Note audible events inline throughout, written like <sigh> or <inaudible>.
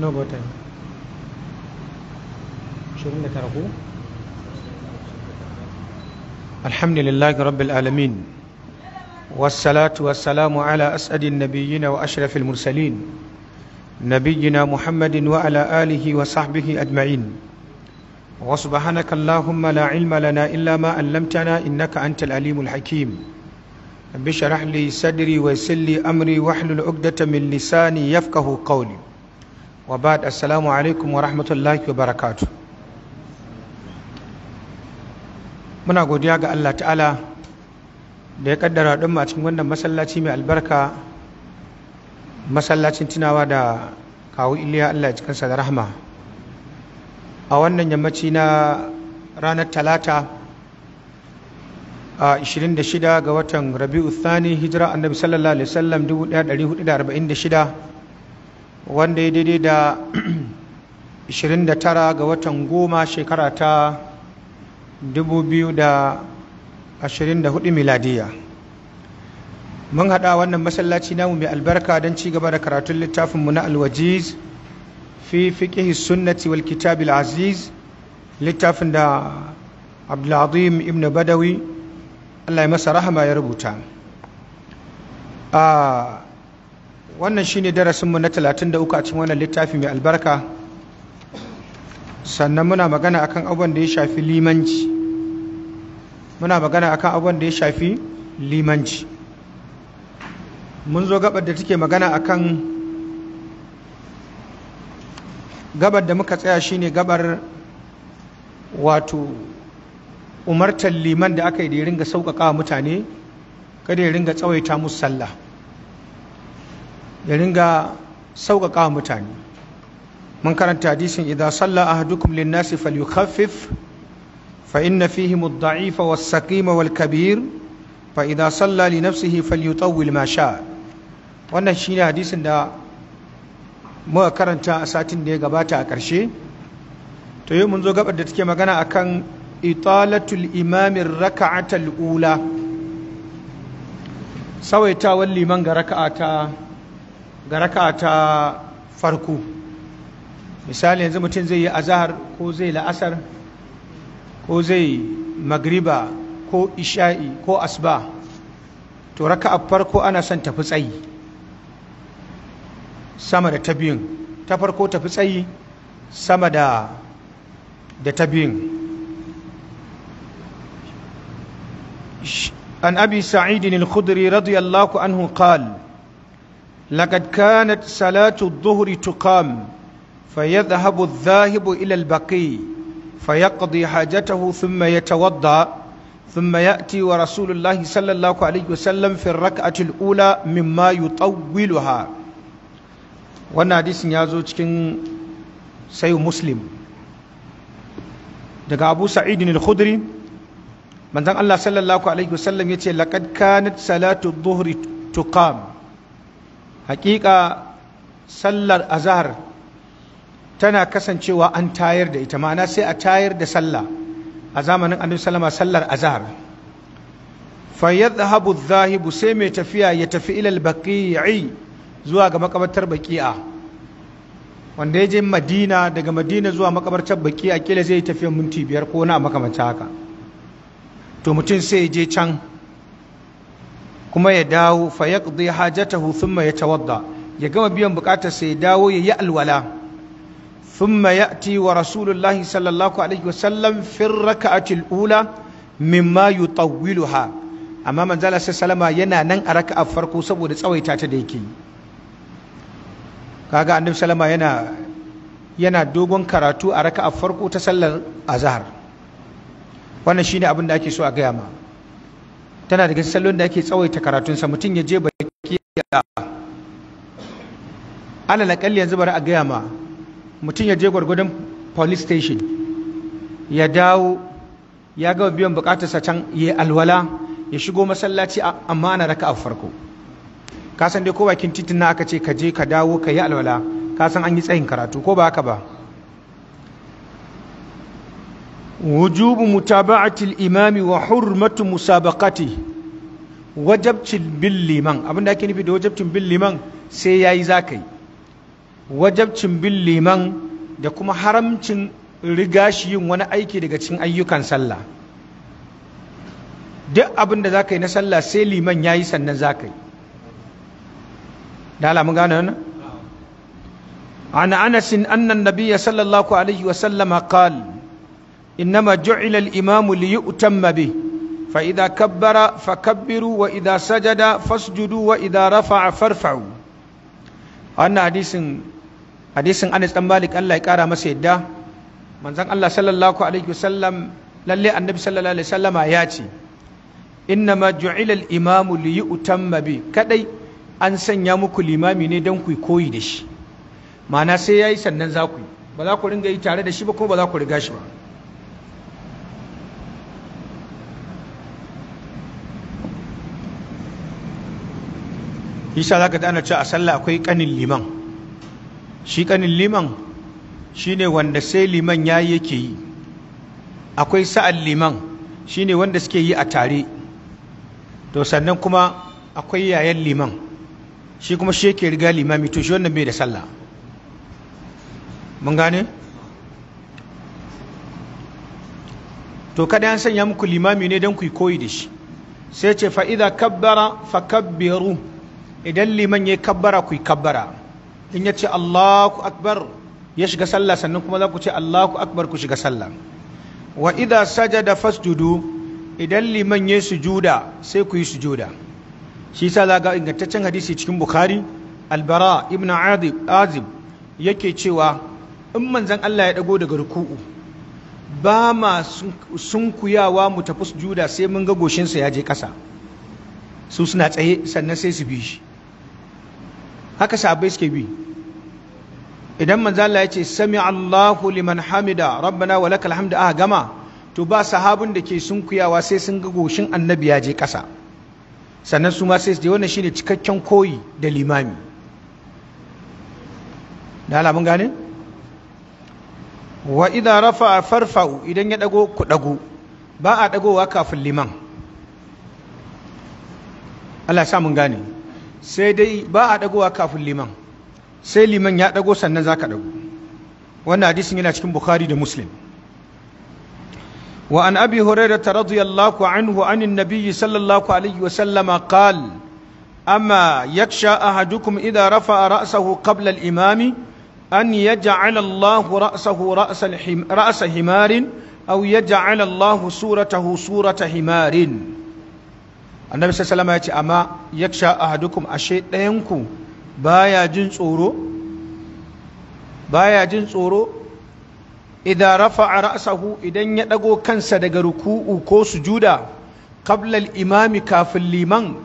no button 29 ko alhamdulillahi rabbil alamin wassalatu wassalamu ala as'adin nabiyyina wa ashrafil mursalin nabiyyina muhammadin wa ala alihi wa sahbihi ajma'in wa subhanaka allahumma ilma lana illa ma 'allamtana innaka antal alimul hakim rabbi shrah li sadri wa yassir li amri wahlul 'uqdatam min lisani yafqahu qawli wa ba da assalamu alaikum wa rahmatullahi wa barakatu muna godiya ga allah ta'ala da ya kaddara don a cikin wannan masallaci mai albarka masallacin tunawa da kawo iliya allah ya cikinsa da rahama a wannan yammaci na ranar talata a 26 ga watan rabi'u thani hijira annabi sallallahu alaihi wasallam 1446 wanda ya daidai da 29 <clears throat> ga watan goma shekara ta 2024 miladiya mun haɗa wannan masallaci namu mai albarka don ci gaba da karatun littafinmu na alwajiz fi fiƙihi sunnati wal kitabil aziz littafin da abdulazim ibn badawi allah ya masa rahama ya rubuta ah, wannan shine darasinmu na 33 a cikin wannan littafi mai albarka sannan muna magana akan abubuwan da ya shafi limanci muna magana akan abubuwan da ya shafi limanci mun zo gabar da take magana akan gabar da muka tsaya shine gabar wato umartar liman da aka yi da ya ringa sauƙaƙa mutane kada ya ringa tsawaita musu sallah ya ringa sauƙaƙa mutane mun karanta hadisin idan salla ahadukum linnasi falyukhaffif fa inna fihi ad-da'ifa was-saqima wal-kabir fa idan salla li nafsihi falyutawwil ma sha wannan shine hadisin da muka karanta a satin da ya gabata a ƙarshe to yau mun zo gabar da take magana akan italatul imamin raka'atul ula sawaitawar liman ga raka'ata ta ga raka ta farko misali yanzu mutum zai yi azahar ko zai la'asar ko zai magriba ko isha'i ko asba to raka a farko ana son tafi tsayi sama da ta ta farko tafi tsayi sama da da an abi sa'idin al-khudri radiyallahu anhu qala لقد كانت صلاة الظهر تقام فيذهب الذاهب إلى البقي فيقضي حاجته ثم يتوضأ ثم يأتي ورسول الله صلى الله عليه وسلم في الركعة الأولى مما يطولها وانا حديث يازو cikin sayu muslim daga Abu Sa'id al-Khudri manzon Allah sallallahu alaihi wasallam yace laqad kanat salatu adh-dhuhri tuqam hakika sallar azhar tana kasancewa an tayar da ita ma'ana sai a tayar da sallah a zamanin annabi sallama sallar azhar fa yadhhabu adh-dhahibu sai mai tafiya ya tafi ila al-baqi'i zuwa ga makabartar baqi'a wanda ya je madina daga madina zuwa makabartar baqi'a kila zai tafiya minti biyar ko na makamanta haka to mutum sai ya je can kuma ya dawo fa yaqdi hajatahu thumma tawadda. ya gama biyan bukatar sai ya dawo ya yi alwala thumma ya'ti wa rasulullahi sallallahu alaihi wasallam fi rak'atil ula mimma yutawwiluha amma manzala sai salama yana nan a raka'a farko saboda tsawaita ta da yake kaga annabi salama yana yana dogon karatu a raka'a farko ta sallar azhar wannan shine abin da ake so a gaya ma tana daga sallon da ake tsawaita karatunsa mutum ya je baki ya alal akalli yanzu bari a gaya ma mutum ya je gwargwadon police station ya dawo ya gama biyan bukatarsa can ya alwala ya shigo masallaci amma ana raka a farko ka san dai ko bakin titin na aka ce ka je ka dawo ka yi alwala ka san an yi tsayin karatu ko ba haka ba وجوب متابعة الإمام وحرمة مسابقته wajabcin bin liman abinda ake nufi da wajabcin bin liman sai ya yi za wajabcin bin liman da kuma haramcin riga shi yin wani aiki daga cikin ayyukan sallah duk abin da za ka yi na sallah sai liman ya yi sannan za ka yi da alamun gane wannan an anasin annan nabiya sallallahu alaihi wasallama qala إنما جعل الإمام ليؤتم به فإذا كبر فكبروا وإذا سجد فاسجدوا وإذا رفع فارفعوا أن حديث حديث أنس بن مالك الله يكرم مسيدا من زن الله صلى الله عليه وسلم للي النبي صلى الله عليه وسلم ياتي إنما جعل الإمام ليؤتم به كدي an sanya muku limami ne don ku koyi da shi ma'ana sai ya yi sannan za ku yi ba za ku ringa yi tare da shi ba kuma ba za ku riga shi ba isa za ka ana cewa a sallah akwai kanin liman shi kanin liman shi ne wanda sai liman ya yi yake yi akwai sa’ad liman shi ne wanda suke yi a tare to sannan kuma akwai yayan liman shi kuma shi yake riga limami to shi wannan bai da sallah mun gane to kada yan sanya muku limami ne don ku yi koyi da shi sai ce fa'iza kabbara fa kabbiru idan liman ya kabbara ku kabbara in ya ce Allahu akbar ya shiga sallah sannan kuma za ku ce Allahu akbar ku shiga sallah wa da sajada fasjudu idan liman ya sujuda sai ku yi sujuda shi sa za ga ingantaccen hadisi cikin bukhari albara ibn azib yake cewa in manzan Allah ya dago daga ruku'u ba ma sunkuyawa mu tafi sujuda sai mun ga goshinsa ya je ƙasa. su suna tsaye sannan sai su bi shi haka sahabbai suke bi idan manzala ya ce sami Allahu liman hamida rabbana wa lakal a gama to ba sahabin da ke sunkuyawa sai sun ga goshin annabi ya je kasa sannan su ma sai su je wannan shine cikakken koyi da limami da alamun gane wa idha rafa farfa'u idan ya dago ku dago ba a dagowa kafin liman Allah ya sa mun gane sai dai ba a dagowa kafin liman sai liman ya dago sannan zaka dago wannan hadisin yana cikin bukhari da muslim wa an abi hurairata radiyallahu anhu anin nabiyyi sallallahu alaihi wa sallama qal amma yaksha ahadukum idha rafa'a ra'sahu qabla al-imam an yaj'ala Allah ra'sahu ra'sa himarin aw yaj'ala Allah suratahu surata himarin annabi sallallahu ya ce amma ya sha ahadukum ashe ɗayanku baya jin tsoro baya jin tsoro idan a ra'sahu idan ya ɗago kansa daga ruku'u ko sujuda qabla imami kafin liman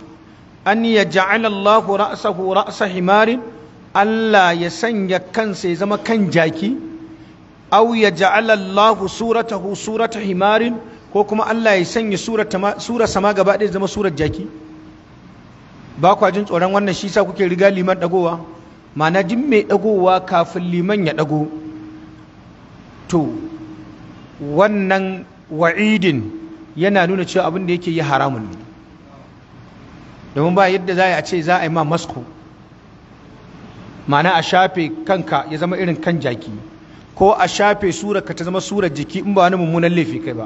an yaj'ala Allah ra'sahu ra'sa himarin Allah ya sanya kansa ya zama kan jaki au ya ja'alallahu suratahu surata himarin ko kuma Allah ya sanya sura sama gaba ɗaya zama surar jaki ba kwa jin tsoron wannan shi sa kuke riga liman ɗagowa ma'ana jin mai ɗagowa kafin liman ya ɗago to wannan wa'idin yana nuna cewa abin da yake yi haramun ne domin ba yadda za a ce za a yi ma masko ma'ana a shafe kanka ya zama irin kan jaki ko a shafe surarka ta zama surar jiki in ba wani mummunan laifi kai ba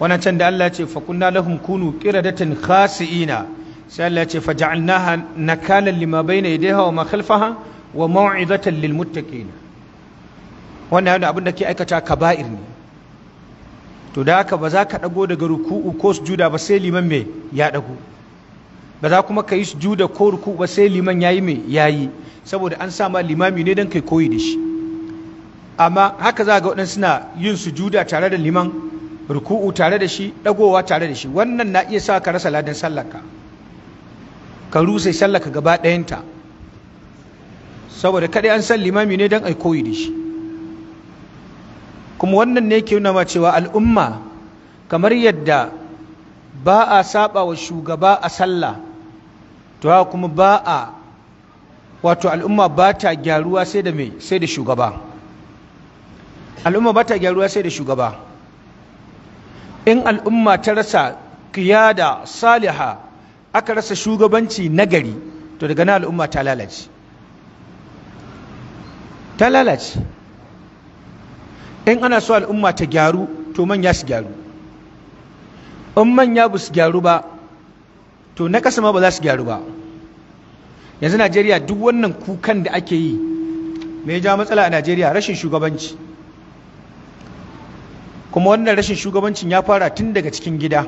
wannan can da Allah ce fa kunna lahum kunu qiradatan khasiina sai Allah ce fa na nakalan lima na yadayha wa ma khalfaha wa maw'izatan lil muttaqin wannan abin da ke aikata kaba'ir ne to da haka ba za ka dago daga ruku'u ko sujuda ba sai liman me ya dago ba za kuma ka yi sujuda ko ruku'u ba sai liman yayi me yayi saboda an sa ma limami ne dan kai koyi da shi amma haka za ga waɗansu na yin sujuda tare da liman ruku'u tare da shi dagowa tare da shi wannan na iya sa ka rasa ladan sallarka ka rusa sallaka gaba ɗayanta saboda kada an san limami ne don ai koyi da shi kuma wannan ne ke nuna cewa al'umma kamar yadda ba a saba wa shugaba a sallah to kuma ba a wato al'umma ba ta gyaruwa sai da mai sai da shugaba al'umma ba ta gyaruwa sai da shugaba in al'umma ta rasa kiyada saliha aka rasa shugabanci nagari to daga na al'umma ta lalace ta lalace in ana so al'umma ta gyaru to manya su gyaru in manya ba su gyaru ba to na kasa ma ba za su gyaru ba yanzu najeriya duk wannan kukan da ake yi mai ja matsala a najeriya rashin shugabanci kuma wannan rashin shugabancin ya fara tun daga cikin gida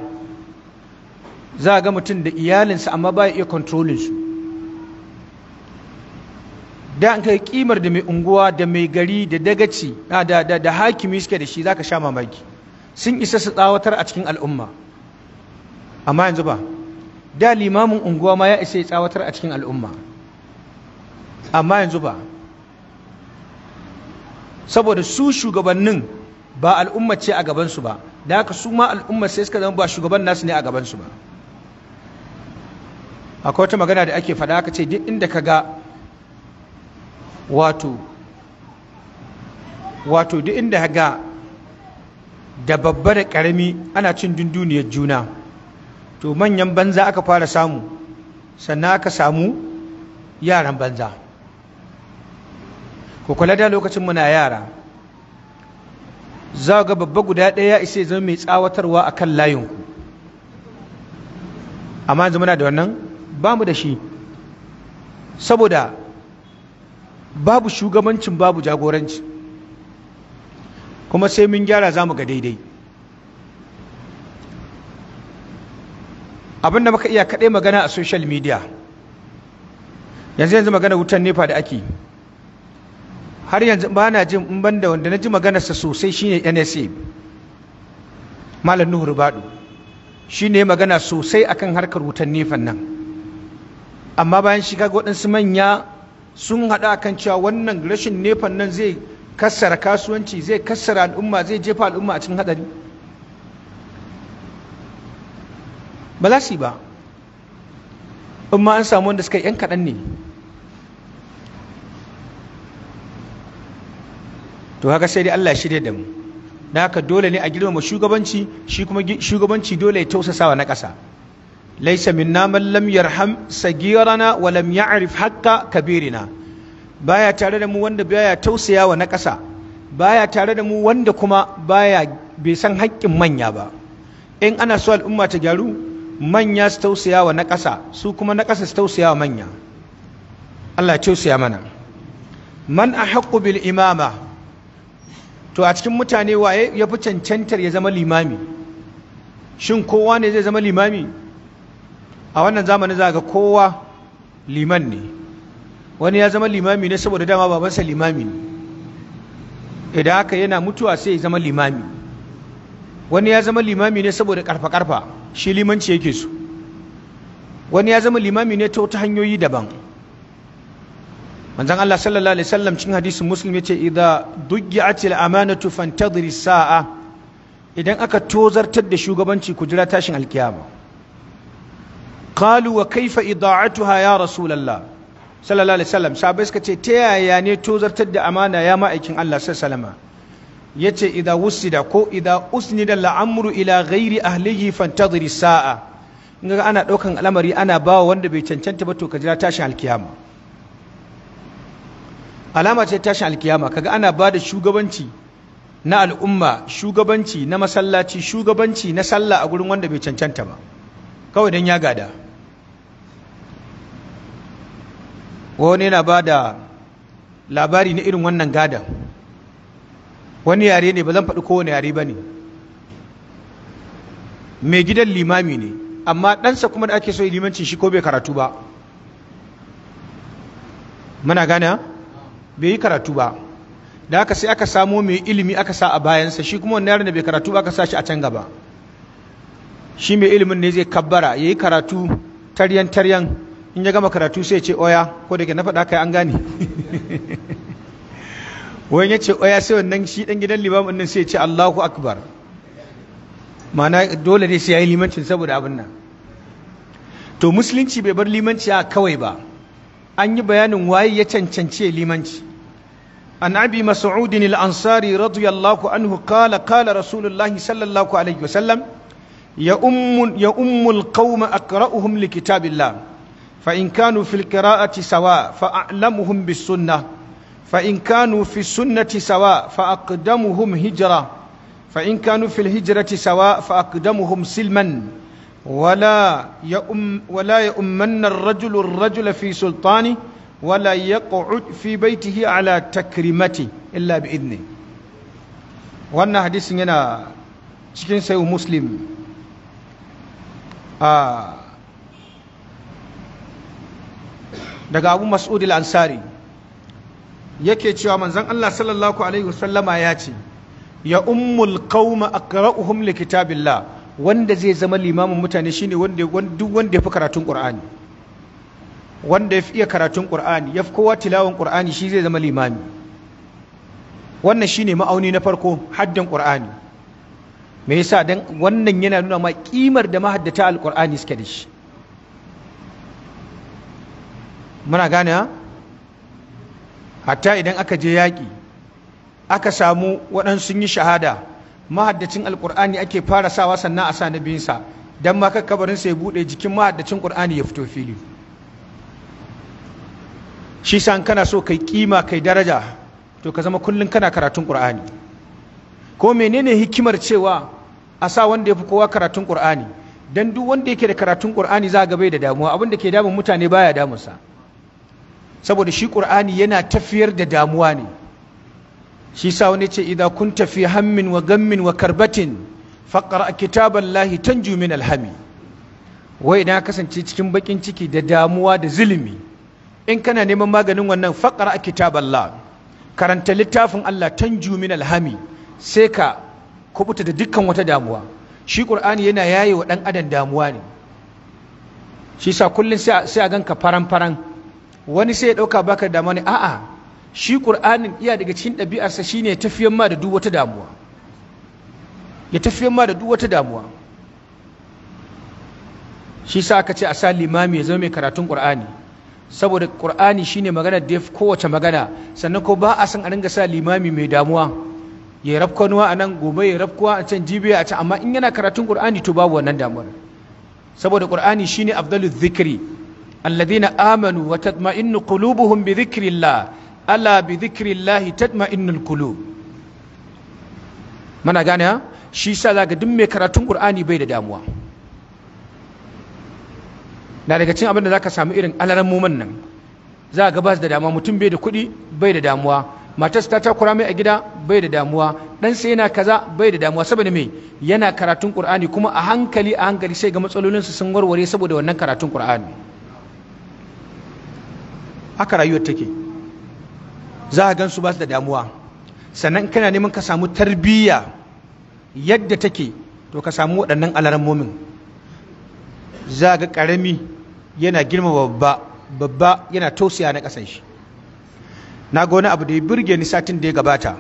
za a ga mutum da iyalinsa amma ba ya iya kontrolinsu da an kai kimar da mai unguwa da mai gari da dagaci da hakimi suke da shi za ka sha mamaki sun isa su tsawatar a cikin al'umma amma yanzu ba da limamin unguwa ma ya isa ya tsawatar a cikin al'umma amma yanzu ba saboda su shugabannin ba al'umma ce a gabansu ba da haka su ma al'umma sai suka zama ba shugaban nasu ne a gabansu ba akwai wata magana da ake faɗa aka ce duk inda ka ga wato wato duk inda ka ga da babba da ƙarami ana cin dunduniyar juna to manyan banza aka fara samu sannan aka samu yaran banza ku da lokacin muna yara za ga babba guda ɗaya ya isa ya zama mai tsawatarwa a kan layinku amma yanzu muna da wannan ba mu da shi saboda babu shugabancin babu jagoranci kuma sai mun gyara za mu ga daidai abinda muka iya kaɗai magana a social media yanzu yanzu magana wutan nefa da ake yi har yanzu ba na jin in banda wanda na ji maganarsa sosai shine nsa malam nuhu rubadu shi magana sosai akan harkar wutan nefan nan amma bayan shiga waɗansu manya sun haɗu kan cewa wannan rashin nefan nan zai kassara kasuwanci zai kassara al'umma zai jefa al'umma a cikin haɗari ba za su yi ba in ma an samu wanda suka yi yan kaɗan ne to haka sai dai Allah shirya da mu da haka dole ne a girmama shugabanci shi kuma shugabanci dole ya tausasawa na ƙasa laisa minna man lam yarham sagirana wa lam ya'rif haqqa kabirina baya tare da mu wanda baya tausayawa na ƙasa baya tare da mu wanda kuma baya bai san haƙƙin manya ba in ana so al'umma ta gyaru manya su tausayawa na ƙasa su kuma na ƙasa su tausayawa manya Allah ya tausaya mana man haƙƙu bil imama to a cikin mutane waye ya fi cancantar ya zama limami shin kowa ne zai zama limami a wannan zamanin za ga kowa liman ne wani ya zama limami ne saboda dama babansa limami ne idan haka yana mutuwa sai ya zama limami wani ya zama limami ne saboda karfa-karfa shi limanci yake so wani ya zama limami ne ta wata hanyoyi daban manzon Allah sallallahu alaihi wasallam cikin hadisin muslim yace idza duggi'atil amanatu fantadhiri sa'a idan aka tozartar da shugabanci ku jira tashin alkiyama qalu wa kaifa ida'atuha ya rasulullah sallallahu alaihi wasallam sahabbai suka ce ta yaya ne tozartar da amana ya ma'aikin Allah sallallahu alaihi yace idza wusida ko idza usnida al'amru ila ghairi ahlihi fantadhiri sa'a in ga ana daukan al'amari ana bawa wanda bai cancanta ba to ka jira tashin alkiyama alama ce tashin alkiyama kaga ana ba da shugabanci na al'umma shugabanci na masallaci shugabanci na sallah a gurin wanda bai cancanta ba kawai don ya gada wani yana ba da labari na irin wannan gada wani yare ne ba zan faɗi kowane yare ba ne mai gidan limami ne amma ɗansa kuma da ake so limancin shi ko bai karatu ba muna gane bai yi karatu ba da aka sai aka samo mai ilimi aka sa a bayansa shi kuma wannan yaron da bai karatu ba aka sa shi a can gaba shi mai ilimin ne zai kabbara ya yi karatu taryan taryan in ya gama karatu sai ce oya ko da ke na faɗa kai an gane <laughs> wani ya ce oya sai wannan shi ɗan gidan limamin nan sai ce allahu akbar mana dole ne sai ya yi limancin saboda abin nan to musulunci bai bar limanci a kawai ba an yi bayanin waye ya cancance limanci an abi mas'udin al-ansari radiyallahu anhu qala qala rasulullahi sallallahu alaihi wasallam ya ummu ya ummul qauma aqra'uhum li kitabillah fa in kanu fil qira'ati sawa fa a'lamuhum bis sunnah fa in kanu fi sunnati sawa fa aqdamuhum hijra fa in kanu fil hijrati sawa fa aqdamuhum silman ولا يؤم ولا يؤمن الرجل الرجل في سلطانه ولا يقعد في بيته على تكريمته wannan hadisin yana cikin sayu muslim daga abu mas'ud al-ansari yake cewa manzon Allah sallallahu alaihi wasallama ya ce ya ummul qauma aqra'uhum li wanda zai zama limamin mutane shine duk wanda ya fi karatun ƙurani wanda ya fi iya karatun ƙur'ani ya fi kowa tilawan ƙur'ani shi zai zama limami wannan shine ma'auni na farko haddin ƙur'ani me yasa dan wannan yana nuna ma kimar da mahaddata alƙur'ani suke da shi muna gane hatta idan aka je yaƙi aka samu waɗansu yi shahada mahaddacin alkur'ani ake fara sawa sannan a sa na biyunsa don ma kakkabarin sai buɗe jikin mahaddacin ƙur'ani ya fito fili shi sa kana so kai kima kai daraja to ka zama kullum kana karatun ƙur'ani ko menene hikimar cewa a sa wanda ya fi kowa karatun ƙur'ani don duk wanda yake da karatun ƙur'ani za ga bai da damuwa abin da ke damun mutane baya damunsa saboda shi ƙur'ani yana tafiyar da damuwa ne shi sa wani ce idan kun tafi hammin wa gammin wa karbatin faƙar a faqra Lahi tan jumin alhami wai idan kasance cikin bakin ciki da damuwa da zulumi in kana neman maganin wannan faƙar a faqra Lahi. karanta littafin Allah tan jumin alhami sai ka kubuta da dukkan wata damuwa shi ƙur'ani yana yaye wa dan adam damuwa ne shi sa kullum sai a ganka faran faran wani sai ya ɗauka baka damuwa ne a'a shi ƙur'anin iya daga cikin ɗabi'arsa shine tafiyan ma da duk wata damuwa ya tafiyan ma da duk wata damuwa shi sa aka ce a sa limami ya zama mai karatun ƙur'ani saboda ƙur'ani ne magana da kowace magana sannan ko ba a san a ringa sa limami mai damuwa ya rafkanuwa a nan gobe ya rafkuwa a can jibiya a can amma in yana karatun ƙur'ani to babu wannan damuwar saboda ƙur'ani shine afdalu zikri alladhina amanu wa tatma'innu qulubuhum bi zikirillah ala bi tadma tatma'innul kulu. mana gane shi sa zaka duk mai karatun qur'ani bai da damuwa na daga cikin abin da zaka samu irin alaran muman nan za ga ba da damuwa mutum bai da kuɗi bai da damuwa matarsa ta takura mai a gida bai da damuwa ɗansa yana kaza bai da damuwa saboda me yana karatun qur'ani kuma a hankali a hankali sai ga matsalolin matsalolinsu sun warware saboda wannan karatun qur'ani haka rayuwar take za a gansu ba su da damuwa sannan kana neman ka samu tarbiyya yadda take to ka samu waɗannan alarmomin za ga ƙarami yana girma babba babba yana tausaya na ƙasan shi na ga wani abu da ya birge ni satin da ya gabata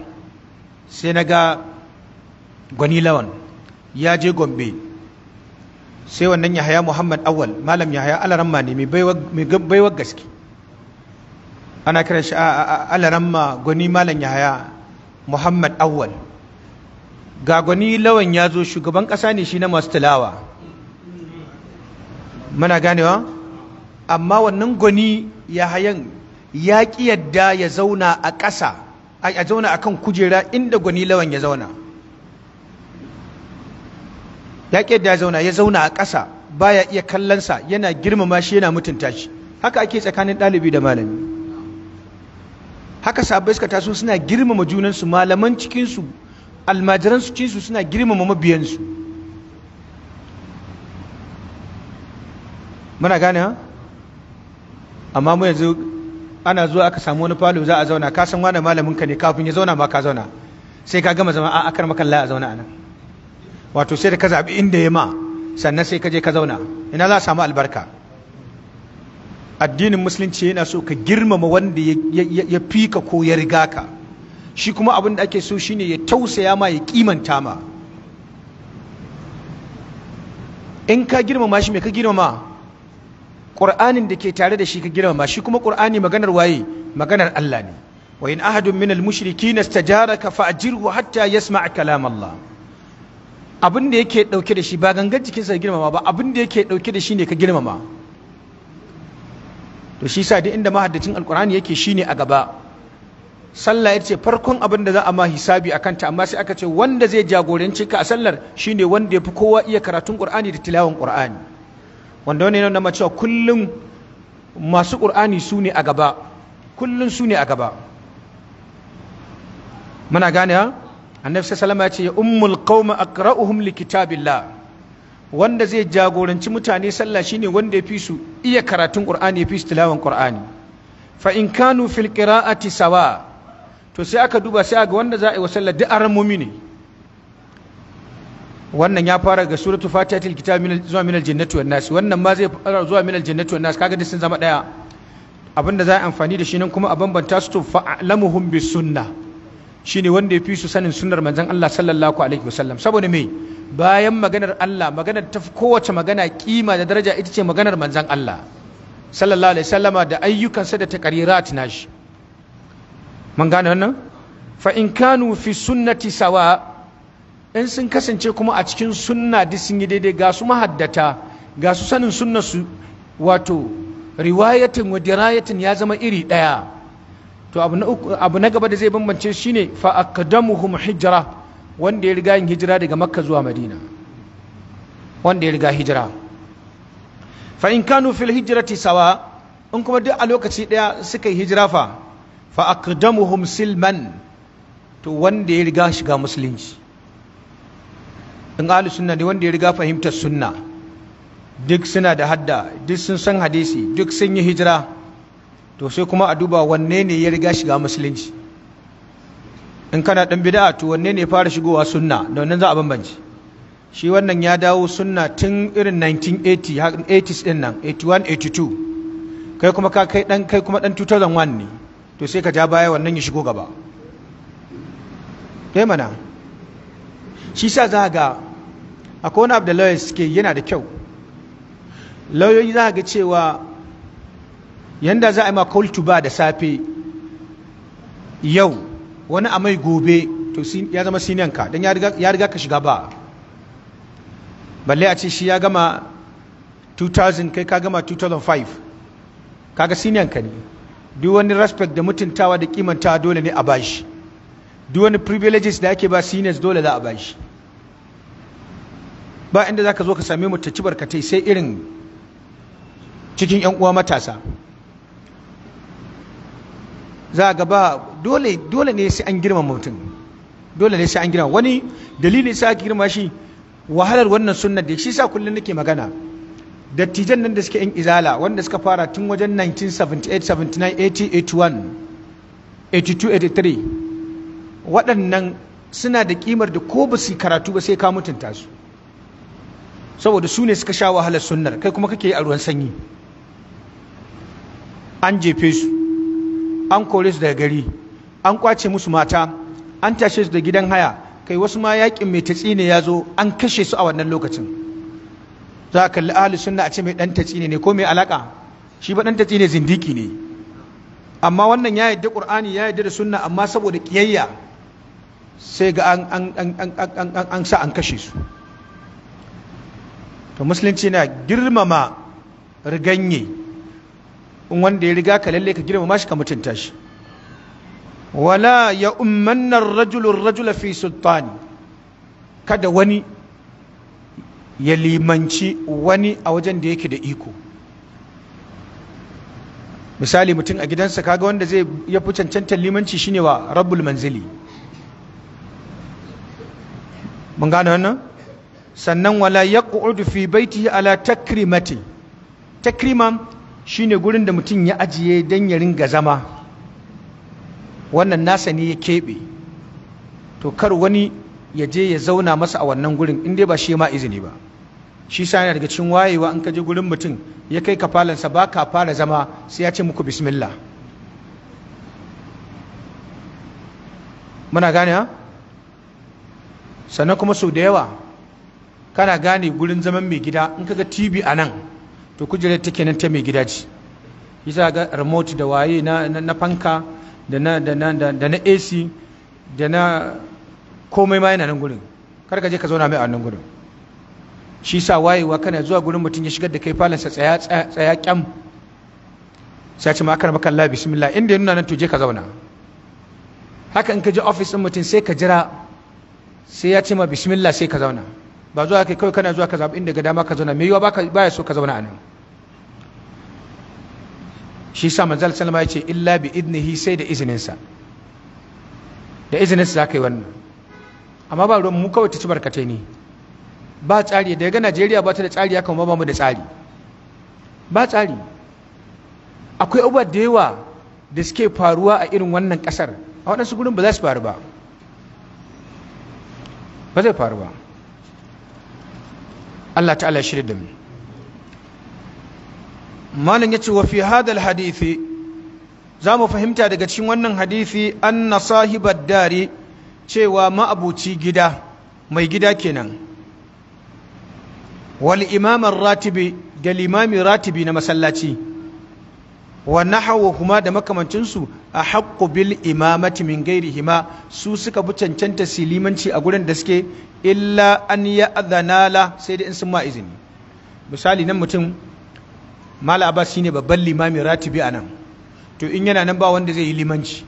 sai na ga gwani lawan ya je gombe sai wannan yahaya muhammad awal malam yahaya alaramma ne mai baiwar gaske ana kiran shi alaramma gwani malam yahaya muhammad awwal ga gwani lawan ya zo shugaban ƙasa ne shi na masu tilawa gane ganewa amma wannan gwani yahayan ya ƙi yadda ya zauna a ƙasa a zauna a kan kujera inda gwani lawan ya zauna ya ƙi yadda ya zauna ya zauna a ƙasa baya iya kallonsa yana girmama shi yana mutunta shi haka ake tsakanin ɗalibi da malami haka sabai suka taso suna girmama junansu malaman cikinsu almajiran su cinsu suna girmama mabiyansu muna gane ha amma mu yanzu ana zuwa aka samu wani falo za a zauna ka san wani malamin ka ne kafin ya zauna ma ka zauna sai ka gama zama a akar makalla a zauna nan wato sai da ka zaɓi inda ya ma sannan sai ka je ka zauna ina za a samu albarka addinin musulunci yana so ka girmama wanda ya fi ka ko ya riga ka shi kuma abin da ake so shine ya tausaya ma ya kimanta ma in ka girmama shi mai ka girmama ƙur'anin da ke tare da shi ka girmama shi kuma ƙur'ani maganar waye maganar Allah ne wa in ahadun minal mushrikin istajaraka fa'jirhu hatta yasma' kalam Allah abin da yake dauke da shi ba gangan jikinsa girmama ba abin da yake dauke da shi ne ka girmama to shi sa duk inda mahaddacin alkur'ani yake shine a gaba sallah yace farkon abin da za a ma hisabi a kanta amma sai aka ce wanda zai jagoranci ka a sallar shine wanda yafi kowa iya karatun qur'ani da tilawan qur'ani wanda wannan yana nuna cewa kullum masu qur'ani su ne a gaba kullum su ne a gaba muna gane ha annabi sallallahu alaihi wasallam ya ce ummul qauma aqra'uhum likitabillah wanda zai jagoranci mutane sallah shine wanda ya fi su iya karatun qur'ani ya fi su tilawan qur'ani fa in kanu fil qira'ati sawa to sai aka duba sai ga wanda za a yi wa sallah duk aramomi ne wannan ya fara ga suratul fatihatil kitab zuwa min aljannati wan nas wannan ma zai fara zuwa min aljannati wan nas kaga duk sun zama daya abinda za a amfani da shi nan kuma a bambanta su to fa'lamuhum bis sunnah shine wanda ya fi su sanin sunnar manzon Allah sallallahu alaihi wasallam saboda me bayan maganar Allah maganar ta kowace magana kima da daraja ita ce maganar manzan Allah sallallahu alaihi sallama da ayyukansa da takarirat nashi man gane wannan fa in kanu fi sunnati sawa in sun kasance kuma a cikin sunna duk sun yi daidai ga su mahaddata ga su sanin sunnar su wato riwayatin wa dirayatin ya zama iri daya to abu na gaba da zai bambance shine fa aqdamuhum hijra wanda ya riga yin hijira daga makka zuwa madina wanda ya riga hijira fa in kanu fil hijrati sawa in kuma duk a lokaci daya suka yi hijira fa fa aqdamuhum silman to wanda ya riga shiga musulunci in ahli sunna ne wanda ya riga fahimtar sunna duk suna da hadda duk sun san hadisi duk sun yi hijira to sai kuma a duba wanne ne ya riga shiga musulunci in kana ɗan bid'a to wanne ne fara shigowa sunna da wannan za a bambance shi wannan ya dawo sunna tun irin 1980 80s din nan 81 82 kai kuma ka kai dan kai kuma dan 2001 ne to sai ka ja baya wannan ya shigo gaba dai mana shi sa za ga akwai wani abu da lawyers suke yana da kyau lauyoyi za ga cewa yanda za a yi ma call to ba da safe yau wani a mai gobe to ya zama sinanka don ya riga ka shiga ba balle a ce shi ya gama 2000 kai ka gama 2005 kaga sinanka ne duk wani respect da mutuntawa da kimantawa dole ne a bashi duk wani privileges da ake ba seniors dole za a bashi ba inda za ka zo ka same mu ta ci barkatai sai irin cikin 'yan uwa matasa za a gaba dole ne sai an girma mutum dole ne sai an girma wani dalilin sa ake girma shi wahalar wannan sunnar da shi sa kullum nake magana dattijan nan da suke yan izala wanda suka fara tun wajen 1978 79 80 81 82 83 waɗannan suna da kimar da ko ba su karatu ba sai ka mutunta su saboda su ne suka sha wahalar sunnar kai kuma kake yi a ruwan sanyi an jefe su an kore su daga gari an kwace musu mata an tashe su da gidan haya kai wasu ma yakin mai tatsi ne ya zo an kashe su a wannan lokacin za ka kalli ahli sunna a ce mai dan tatsi ne ko mai alaka shi ba dan tatsi ne zindiki ne amma wannan ya yadda qur'ani ya yadda da sunna amma saboda kiyayya sai ga an sa an kashe su to musulunci na girmama riganye in wanda ya riga ka lalle ka girma mashi ka mutunta shi wala ya ummanna rajulun rajula fi sultani kada wani ya limanci wani a wajen da yake da iko misali mutum a gidansa kaga wanda zai ya fi cancantar limanci shine wa rabbul manzili mun gane wannan sannan wala ya fi baitihi ala takrimati takriman Shi ne gurin da mutum ya ajiye don ya ringa zama wannan nasa ne ya keɓe to kar wani ya je ya zauna masa a wannan gurin in dai ba shi ma izini ba shi sa yana daga cikin wayewa in ka je gurin mutum ya kai kafalansa ba ka fara zama sai ya ce muku bismillah muna gane ha sannan kuma sau da yawa kana gane gurin zaman mai gida in ka kaga tv a nan to kujerar take nan ta mai gida isa yasa ga remote da waye na fanka da na AC da na komai ma yana nan gurin kar ka je ka zauna mai a nan gurin shi sa wayewa kana zuwa gurin mutum ya shigar da kai falansa tsaya tsaya kyam sai ce ma akar maka Allah bismillah inda ya nuna nan to je ka zauna haka in ka je office din mutum sai ka jira sai ya ce ma bismillah sai ka zauna ba zuwa kai kawai kana zuwa ka zaɓi inda ga dama ka zauna mai yiwa baya so ka zauna a nan shi sa manzal salama ya ce illa bi idnihi sai da izininsa da izininsa za ka yi wannan amma ba ruwan mu kawai ta ci barkatai ne ba tsari da ga najeriya ba ta da tsari ya kama ba mu da tsari ba tsari akwai abubuwa da yawa da suke faruwa a irin wannan kasar a waɗansu gudun ba za su faru ba ba zai faru ba Allah ta'ala ya shirya da malam yace wa fi hadal hadisi za mu fahimta daga cikin wannan hadisi anna sahibar dari cewa ma'abuci gida mai gida kenan wal imaman ratibi da limamin ratibi na masallaci wa kuma da makamancinsu a haqqu bil imamati min hima su suka bi cancanta silimanci a gurin da suke illa an ya la sai dai in sun ma izini misali nan mutum mala abbas shine babban limami ratibi anan to in yana nan ba wanda zai yi limanci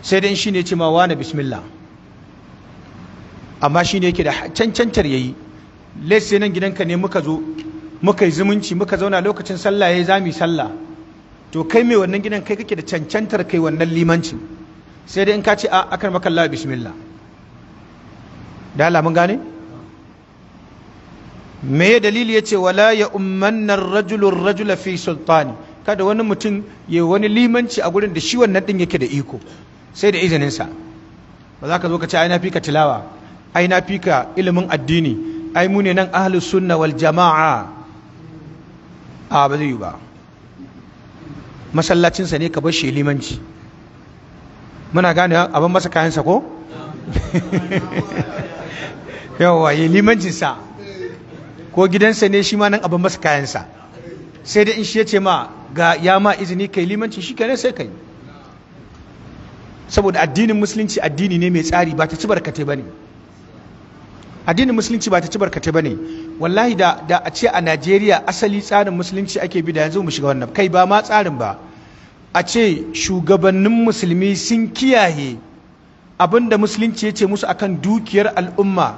sai dai shine ce ma wani bismillah amma shine yake da cancantar yayi lai sai nan gidanka ne muka zo muka yi zumunci muka zauna lokacin sallah yayi yi sallah to kai mai wannan gidan kai kake da cancantar kai wannan limanci sai dai in ka ce a akan makalla bismillah da mun gane me dalili ya ce wala ya ummanna rajulun rajula fi sultani kada wani mutum ya wani limanci a gurin da shi wannan din yake da iko sai da izininsa ba za ka zo ka ce ai na fika tilawa ai fika ilimin addini ai mu ne nan ahlus sunna wal jama'a a ba yi ba masallacinsa ne ka bar shi limanci muna gane abin masa kayansa ko <laughs> yawa yi limancinsa ko gidansa ne shi ma nan abin masa kayansa sai dai in shi ya ce ma ga ya ma izini kai limanci shi kenan sai yi saboda addinin musulunci addini ne mai tsari ba ta ci barkatai ba ne addinin musulunci ba ta ci barkatai ba ne wallahi da a ce a Najeriya asali tsarin musulunci ake bi da yanzu mu shiga wannan kai ba ma tsarin ba a ce shugabannin musulmi sun kiyaye abin da musulunci ya ce musu akan dukiyar al'umma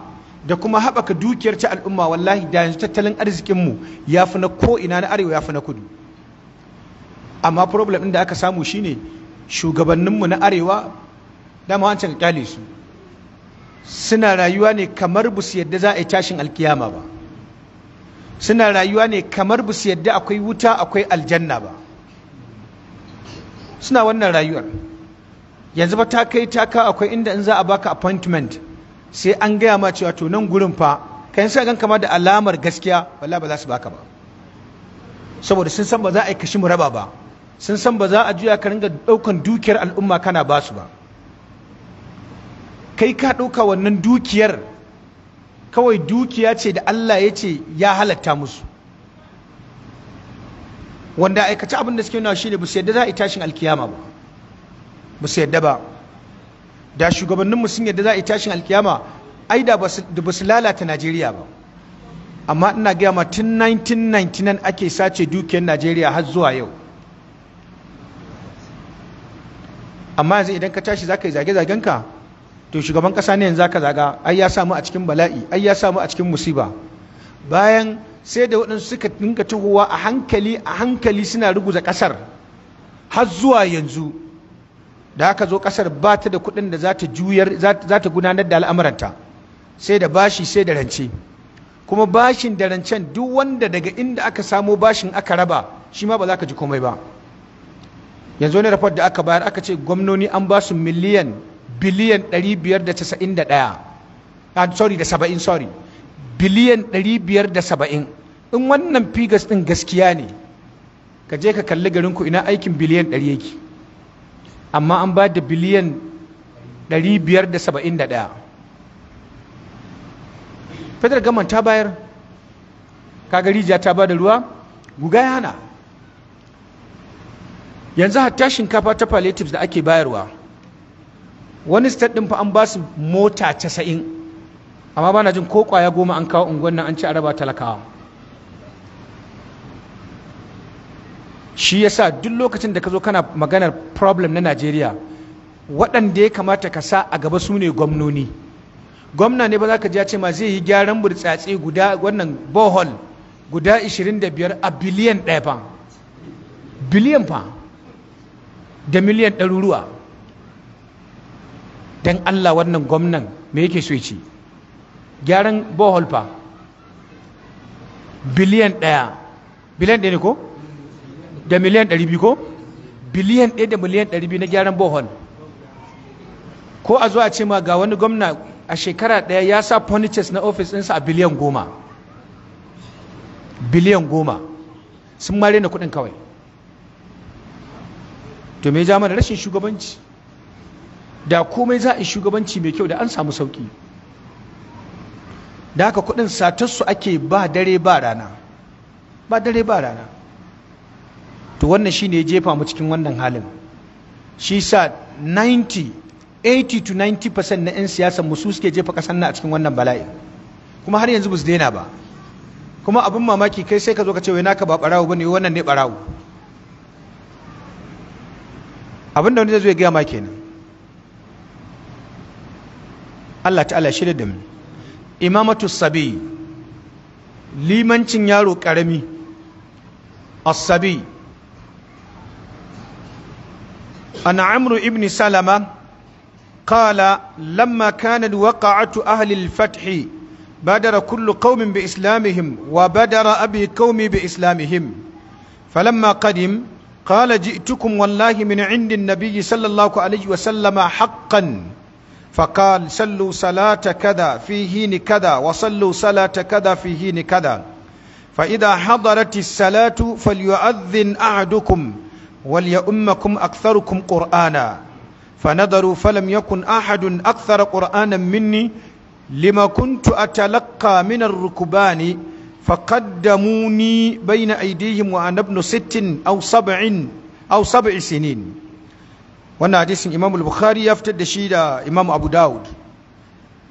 da kuma haɓaka dukiyar ta al'umma wallahi da yanzu tattalin arzikinmu ya fi na ko'ina na arewa ya fi na kudu amma problem ɗin da aka samu shine shugabanninmu na arewa dama wancan kyale su suna rayuwa ne kamar bu su yadda za a yi tashin alkiyama ba suna rayuwa ne kamar ba su yadda akwai wuta akwai aljanna ba suna wannan rayuwar yanzu ba ta kai ta ka akwai inda in za a baka appointment sai an gaya ma cewa to nan gurin fa kai sai gan kama da alamar gaskiya walla ba za su baka ba saboda sun san ba za a yi kashi muraba ba sun san ba za a juya ka ringa ɗaukan dukiyar al'umma kana ba su ba kai ka ɗauka wannan dukiyar kawai dukiya ce da Allah ya ce ya halatta musu wanda aikace abin da suke nuna shi ne, ba su yadda za a yi tashin alkiyama ba ba su yadda ba da shugabanninmu sun yadda za a yi tashin alkiyama ai da ba su lalata Najeriya ba amma ina gaya ma tun 1999 ake sace dukiyar Najeriya har zuwa yau amma yanzu idan ka tashi za ka yi zage-zagenka to shugaban kasa ne yanzu zaka zaga ai ya samu a cikin bala'i ai ya samu a cikin musiba bayan sai da waɗansu suka dinga tuhowa a hankali a hankali suna ruguza kasar har zuwa yanzu da aka zo kasar ba ta da kuɗin da za ta juyar za ta gudanar da al'amuranta sai da bashi sai da rance kuma bashin da rancen duk wanda daga inda aka samo bashin aka raba shi ma ba za ka ji komai ba yanzu wani rafar da aka bayar aka ce gwamnoni an ba su miliyan biliyan 591 ah, sorry da 70 sorry biliyan 570 in wannan figures din gaskiya ne ka je ka kalli garin ku ina aikin biliyan 100 yake amma an ba da biliyan 571 federal gaman ta bayar kaga rijiya ta ba da ruwa guga yana yanzu hatta shinkafa ta palliatives da ake bayarwa wani state ɗin fa an ba su mota casa'in amma bana jin ko kwaya goma an kawo unguwan nan an ci araba talakawa shi yasa duk lokacin da ka zo kana maganar problem na najeriya waɗanda ya kamata ka sa a gaba su ne gwamnoni gwamna ne ba za ka ji ya ce ma zai yi gyaran burtsatse guda wannan bohol guda 25 a biliyan ɗaya fa biliyan fa da miliyan ɗaruruwa dan Allah wannan gwamnan me yake so ce gyaran bohol fa biliyan ɗaya biliyan ɗaya ne ko da miliyan ɗari biyu ko biliyan ɗaya da miliyan ɗari biyu na gyaran bohol ko a zuwa ce ma ga wani gwamna a shekara ɗaya ya sa furnitures na ofis ɗinsa a biliyan goma biliyan goma sun mare na kuɗin kawai to me ja mana rashin shugabanci da komai za a yi shugabanci mai kyau da an samu sauki da haka kudin satarsu ake ba dare ba rana ba dare ba rana to wannan shi ne jefa mu cikin wannan halin shi sa 90 80 to 90 percent na 'yan siyasar musu suke jefa kasan na a cikin wannan bala'i kuma har yanzu bus daina ba kuma abin mamaki kai sai ka zo ka ce wai naka ba barawo ne wannan ne barawo abin da wani zai zo ya gaya ma kenan Allah ta'ala imamatu sabi limancin yaro ƙarami as-sabi an salama qala lamma kanat waqa'atu ahli badara kullu qaumin bi wa badara abi qaumi bi islamihim falamma qadim qala min 'indi an-nabiy فقال صلوا صلاة كذا في حين كذا وصلوا صلاة كذا في حين كذا فإذا حضرت الصلاة فليؤذن أحدكم وليؤمكم أكثركم قرآنا فنظروا فلم يكن أحد أكثر قرآنا مني لما كنت أتلقى من الركبان فقدموني بين أيديهم وأنا ابن ست أو سبع أو سبع سنين wannan hadisin imam bukhari ya fitar da shi da imam abu dawud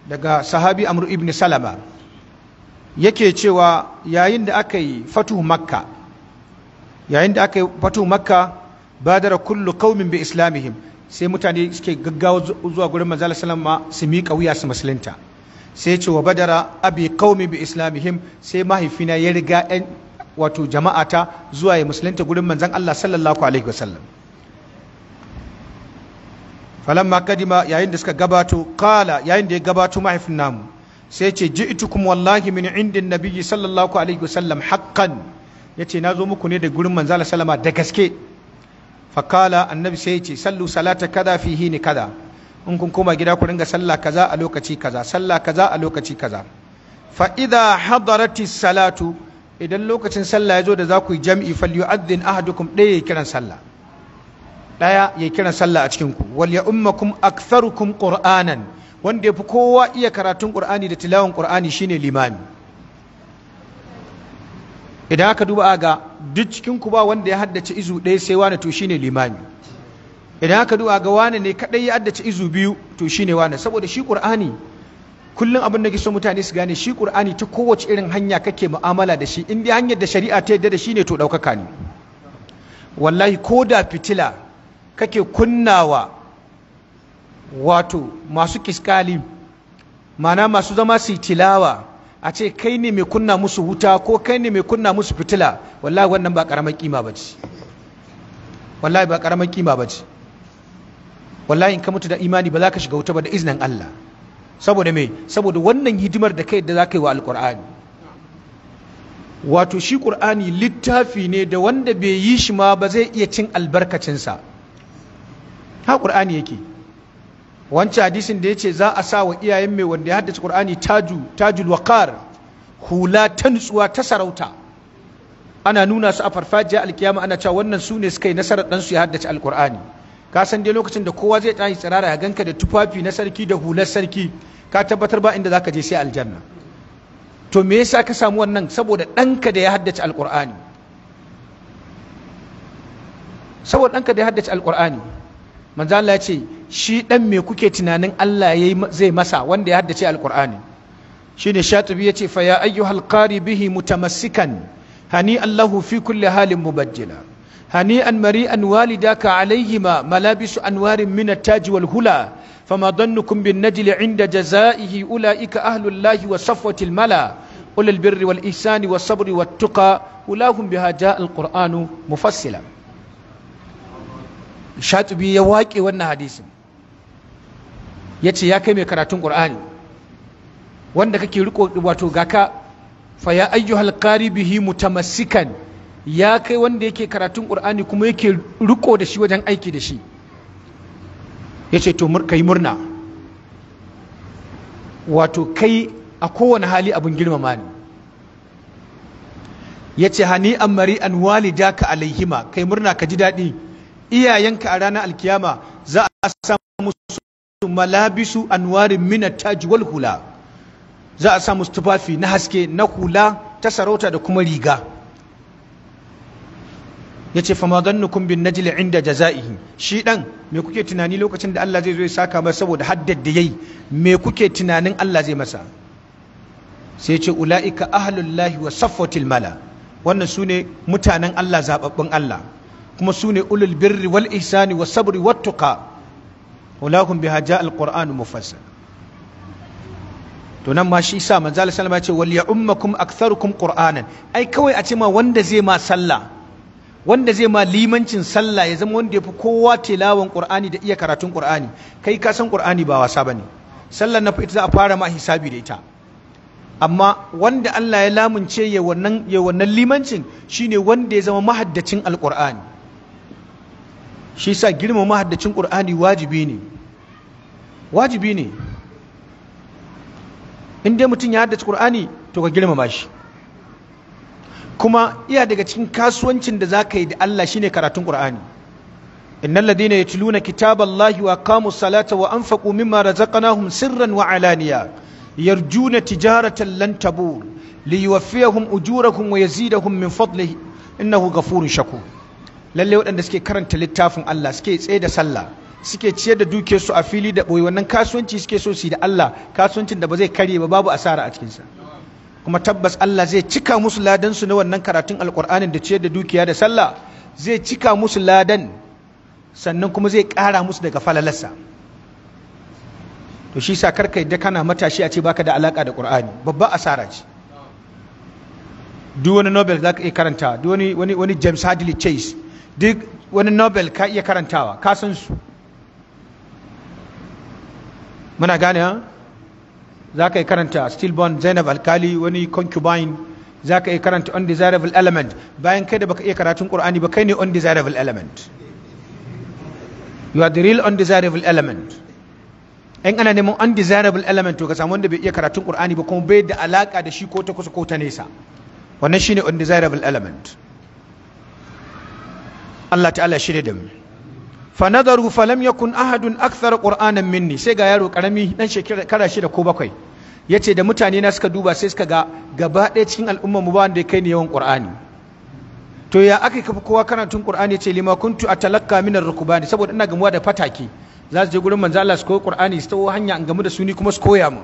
daga sahabi amr ibn salama yake cewa yayin da aka yi fatuhu makka yayin da aka yi fatuhu makka badara kullu qaumin bi islamihim sai mutane suke gaggawa zuwa gurin manzala sallama su miƙa wuya su musulunta sai ce wa badara abi qaumi bi islamihim sai mahaifina ya riga yan wato jama'ata zuwa ya musulunta gurin manzan Allah sallallahu alaihi wasallam falamma kadima yayin da suka gabato kala yayin da ya gabato mahaifin namu sai ce ji'tukum wallahi min indin nabiyyi sallallahu alaihi wasallam haqqan yace nazo muku ne da gurin manzala sallama da gaske fakala annabi sai ce sallu salata kaza fi hini kaza in kun koma gida ku ringa sallah kaza a lokaci kaza sallah kaza a lokaci kaza fa idza hadarati salatu idan lokacin sallah ya zo da za ku yi jam'i falyu'adhdhin ahadukum ɗaya kiran sallah daya ya kiran sallah a cikinku wal ya ummakum aktharukum qur'anan wanda yafi kowa iya karatun qur'ani da tilawan qur'ani shine limami idan aka duba ga duk cikinku ba wanda ya haddace izu ɗaya sai wani to shine limami idan aka duba ga wani ne kadai ya haddace izu biyu to shine wani saboda shi qur'ani kullum abin da so mutane su gane shi qur'ani ta kowace irin hanya kake mu'amala da shi in dai hanyar da shari'a ta yadda da shi ne to ɗaukaka ne wallahi ko da fitila kake kunnawa wato masu kiskali mana masu zama su tilawa a ce kai ne mai kunna musu wuta ko kai ne mai kunna musu fitila wallahi wannan ba karamar kima ba ce wallahi ba karamar kima ba ce wallahi in ka mutu da imani ba za ka shiga wuta ba da iznin Allah saboda me saboda wannan hidimar da kai da za ka yi wa alkur'ani wato shi qur'ani littafi ne da wanda bai yi shi ma ba zai iya cin albarkacinsa ha ƙur'ani yake wancan hadisin da ya ce za a sa wa iyayen mai wanda ya haddace ƙur'ani taju tajul waqar hula ta nutsuwa ta sarauta ana nuna su a farfajiya alkiyama ana cewa wannan su ne suka yi nasarar ɗansu ya haddace alƙur'ani ka san dai lokacin da kowa zai tashi tsirara ya ganka da tufafi na sarki da hular sarki ka tabbatar ba inda zaka je sai aljanna to me yasa ka samu wannan saboda ɗanka da ya haddace alƙur'ani? saboda ɗanka da ya haddace alkur'ani manzo ya ce shi dan me kuke tunanin Allah zai masa wanda ya haddace alqur'ani shine shatibi ya ce fa ya ayyuhal qari bihi mutamassikan hani Allahu fi kulli halin mubajjila hani an mari mari'an walidaka alayhima malabisu anwarin min at-taj wal hula فما ظنكم بالنجل عند جزائه أولئك أهل الله وصفوة الملا أولي البر والإحسان والصبر والتقى أولاهم بها جاء القرآن مفصلا shatubi ya waƙe wannan hadisi ya ce ya kai mai karatun ƙur'ani wanda kake riko wato gaka fa ya ayyuhal bihi mutamassikan ya kai wanda yake karatun ƙur'ani kuma yake riko da shi wajen aiki da shi ya ce to kai murna wato kai a kowane hali abin girmama ne ya ce hani an mari an walida ka alaihima kai murna ka ji daɗi iyayenka a ranar alkiyama za a sa musu malabisu anwarin mina taji wal hula za a sa tufafi na haske na hula ta sarauta da kuma riga ya ce fama zannukum bin najli inda jaza'ihi shi dan me kuke tunani lokacin da Allah zai zo ya saka masa saboda haddad da yayi me kuke tunanin Allah zai masa sai ce ula'ika ahlullahi wa saffatil mala wannan sune mutanen Allah zababben Allah kuma su ne ulul birri wal ihsani was sabri wat tuqa ulahum biha ja'a al qur'anu mufassal to nan ma shi sa manzo Allah sallama ya ce wal ya'ummakum aktharukum qur'anan ai kawai a ce ma wanda zai ma sallah wanda zai ma limancin sallah ya zama wanda ya fi kowa tilawan qur'ani da iya karatun qur'ani kai ka san qur'ani ba wasa bane sallar na ita za a fara ma hisabi da ita amma wanda Allah ya lamunce ya wannan limancin shine wanda ya zama mahaddacin alqur'ani shi sa girmama haddacin ƙur'ani wajibi ne wajibi ne in dai mutum ya haddace ƙur'ani to ka girmama shi kuma iya daga cikin kasuwancin da za ka yi da Allah shi ne karatun ƙur'ani innal ladina yatluna kitaballahi wa aqamus salata wa anfaqu mimma razaqnahum sirran wa alaniya yarjuna tijaratan lan tabur liyuwaffiyahum ujurahum wa yazidahum min fadlihi innahu ghafurun shakur lalle waɗanda suke karanta littafin Allah suke tsaye da sallah suke ciyar da duke su a fili da ɓoye wannan kasuwanci suke so su da Allah kasuwancin da ba zai karye ba babu asara a cikinsa kuma tabbas Allah zai cika musu ladan su na wannan karatun alkur'anin da ciyar da dukiya da sallah zai cika musu ladan sannan kuma zai ƙara musu daga falalarsa to shi sa karka yadda kana matashi a ce baka da alaka da qur'ani babba asara ce duk wani nobel za ka iya karanta duk wani, wani, james hadley chase duk wani nobel ka iya karantawa ka san su muna gane ha za ka iya karanta stillborn zainab alkali wani concubine za ka iya karanta undesirable element bayan kai da baka iya karatun qur'ani ba kai ne undesirable element you are the real undesirable element in ana neman undesirable element to ka samu wanda bai iya karatun qur'ani ba kuma bai da alaka da shi ko ta kusa ko ta nesa wannan shine undesirable element Allah ta'ala shine da mu fa nadaru fa lam yakun ahadun akthar qur'anan minni sai ga yaro karami dan shekara shida ko bakwai yace da mutane na suka duba sai suka ga gaba ɗaya cikin al'umma mu ba wanda ya kai ni yawan qur'ani to ya aka kafa kowa karantun qur'ani yace lima kuntu atalakka min ar-rukbani saboda ina gamuwa da fataki za su je gurin manzo Allah su koyi qur'ani su tawo hanya an gamu da su kuma su koya mu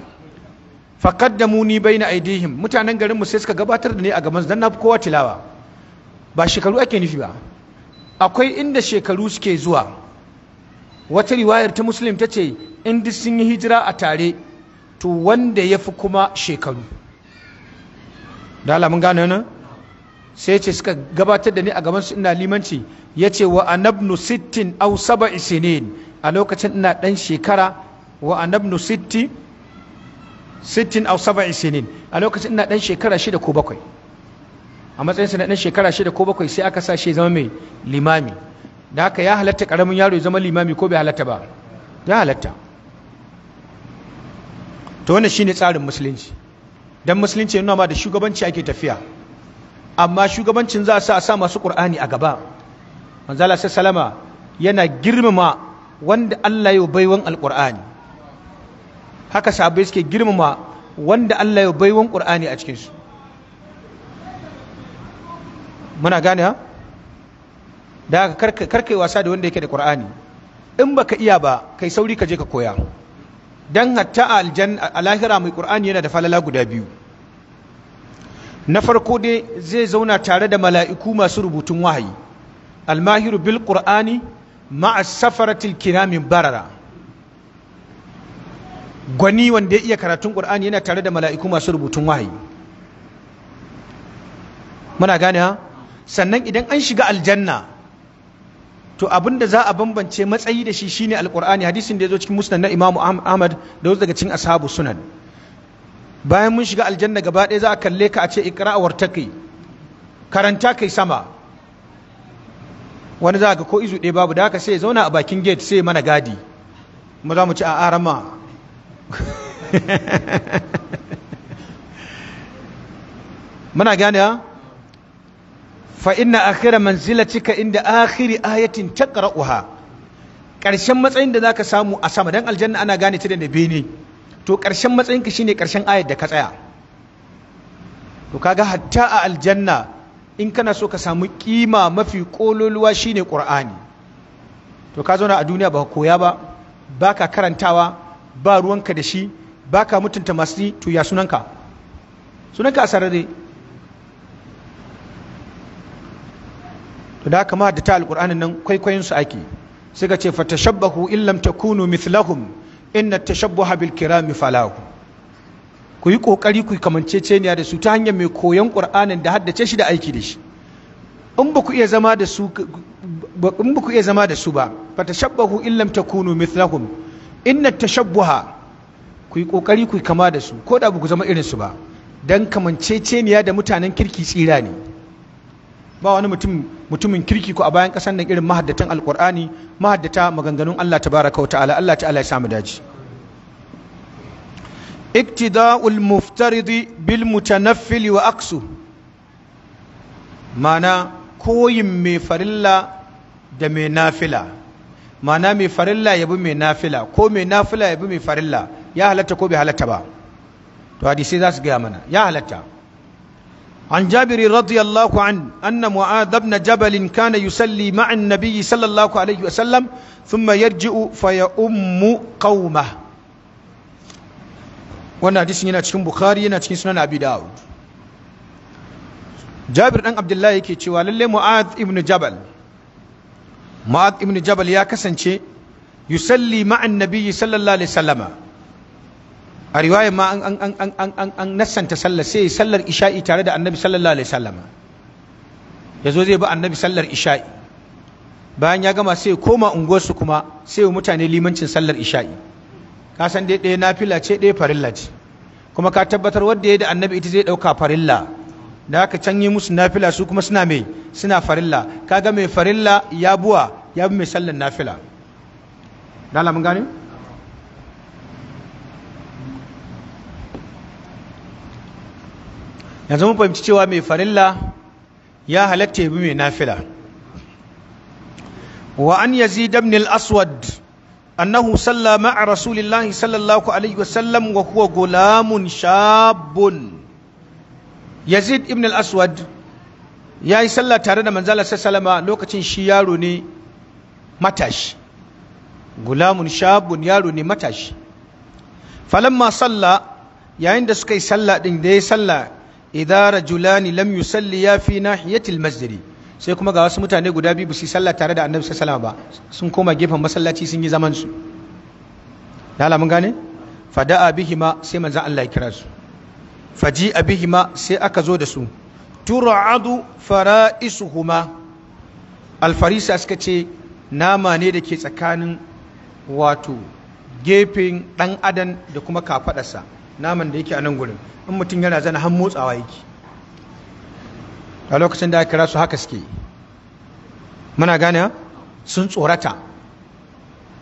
da muni bai baina aidihim mutanen garin mu sai suka gabatar da ni a gaban zan na kowa tilawa ba shekaru ake nufi ba akwai inda shekaru suke zuwa wata riwayar ta musulun ta ce inda sun yi hijira a tare to wanda ya fi kuma shekaru da alamun gane nan sai ce suka gabatar da ni a gaban su ina limanci ya ce wa anabnu sittin au saba isinin a lokacin ina dan shekara wa anabnu sittin sittin aw sab'i sinin a lokacin ina dan shekara shida ko bakwai a matsayin sa na dan shekara shida ko bakwai sai aka sa shi zama mai limami da haka ya halatta karamin yaro ya zama limami ko bai halatta ba ya halatta to wannan shine tsarin musulunci dan musulunci yana ma da shugabanci ake tafiya amma shugabancin za a sa a sa masu qur'ani a gaba manzala salama yana girmama wanda Allah ya baiwan alqur'ani haka sahabbai suke girmama wanda Allah ya baiwan ƙur'ani a cikinsu muna gane ha da haka karkai wasa da wanda yake da ƙur'ani in ba ka iya ba kai sauri ka je ka koya dan hatta aljanna alahira mai ƙur'ani yana da falala guda biyu na farko dai zai zauna tare da mala'iku masu rubutun wahayi almahiru bil ƙur'ani ma'a safaratil kiramin barara gwani wanda ya iya karatun ƙur'ani yana tare da mala'iku masu rubutun wahayi muna gane ha sannan idan an shiga aljanna to abin da za a bambance matsayi da shi shine Alƙur'ani. hadisin da ya zo cikin musnad na imamu ahmad da wasu daga cikin ashabu sunan bayan mun shiga aljanna gaba ɗaya za a kalle ka a ce iqra wartaqi karanta kai sama wani za ka ko izu ɗaya babu da haka sai zauna a bakin gate sai mana gadi mu mu ci a arama <laughs> muna gane ha fa inna akhira manzilatika inda akhiri ayatin taqra'uha ƙarshen matsayin da zaka samu a sama dan aljanna ana gane ta da bene ne to ƙarshen matsayinka shine ƙarshen ayat da ka tsaya to kaga hatta a aljanna in kana so ka samu kima mafi kololuwa shine qur'ani to ka zauna a duniya ba koya ba baka karantawa ba ruwanka da shi ba ka mutunta masu tuya sunanka sunanka a sarari. to da kama da ta alƙur'anin nan kwaikwayon su ake sai ka ce fatashabbahu illam takunu mithlahum inna tashabbaha bil kirami falahu ku yi ƙoƙari ku kamanceceniya da su ta hanyar mai koyon ƙur'anin da haddace shi da aiki da shi in ba ku iya zama da su ba fatashabbahu illam takunu mithlahum inna tashabbuha ku yi kokari ku kama da su ko da ba ku zama irin su ba dan kamanceceniya da mutanen kirki tsira ne ba wani mutum mutumin kirki ku a bayan kasan nan irin mahaddatan alqur'ani mahaddata maganganun Allah tabaraka wa ta'ala Allah ta'ala ya samu daji iktida'ul muftaridi bil mutanaffili wa aksu mana koyin mai farilla da mai nafila ma'ana mai farilla ya bi mai nafila ko mai nafila ya bi mai farilla ya halatta ko bai halatta ba to hadisai za su gaya mana ya halatta An جابر radiyallahu an. عنه أن معاذ بن جبل كان يصلي مع النبي صلى الله عليه وسلم ثم يرجع فيؤم قومه وانا حديث cikin Bukhari yana cikin Sunan Abi Dawud Jabir dan Abdullahi yake cewa lalle Mu'adh ibn Jabal ma'ad ibn jabal ya kasance yusalli ma'an nabiyyi sallallahu alaihi sallama a riwaya ma an an an an an an nassanta sallar sai sallar isha'i tare da annabi sallallahu alaihi sallama yazo zai bi annabi sallar isha'i bayan ya gama sai koma unguwarsu kuma sai mutane limancin sallar isha'i ka san dai ɗaya nafila ce ɗaya farilla ce kuma ka tabbatar wadda ya da annabi ita zai ɗauka farilla da aka can yi musu nafila su kuma suna mai suna farilla kaga mai farilla ya buwa ya bi mai sallan nafila dala mun gane yanzu mun fahimci cewa mai farilla ya halatta ya bi mai nafila wa an yazi damnil aswad annahu sallama a rasulillahi sallallahu alaihi wasallam wa huwa gulamun shabun yazid ibn al-aswad ya yi sallah tare da manzala sassalama lokacin shi yaro ne matashi gulamun shabun yaro ne matashi falamma salla yayin da suka yi sallah din da ya yi sallah idara julani lam Salli, ya fi nahiyatil masjidi sai kuma ga wasu mutane guda biyu ba su yi sallah tare da annabi sassalama ba sun koma gefen masallaci sun yi zaman su da mun gane fada'a bihima sai manzan Allah ya kira su faji abihima sai aka zo da su adu fara isu fara'isuhuma alfarisa suka ce nama ne da ke tsakanin wato gefen ɗan adam da kuma kafaɗarsa naman da yake a nan gurin in mutum yana zana har motsawa yake a lokacin da ya kira su haka suke muna gane sun tsorata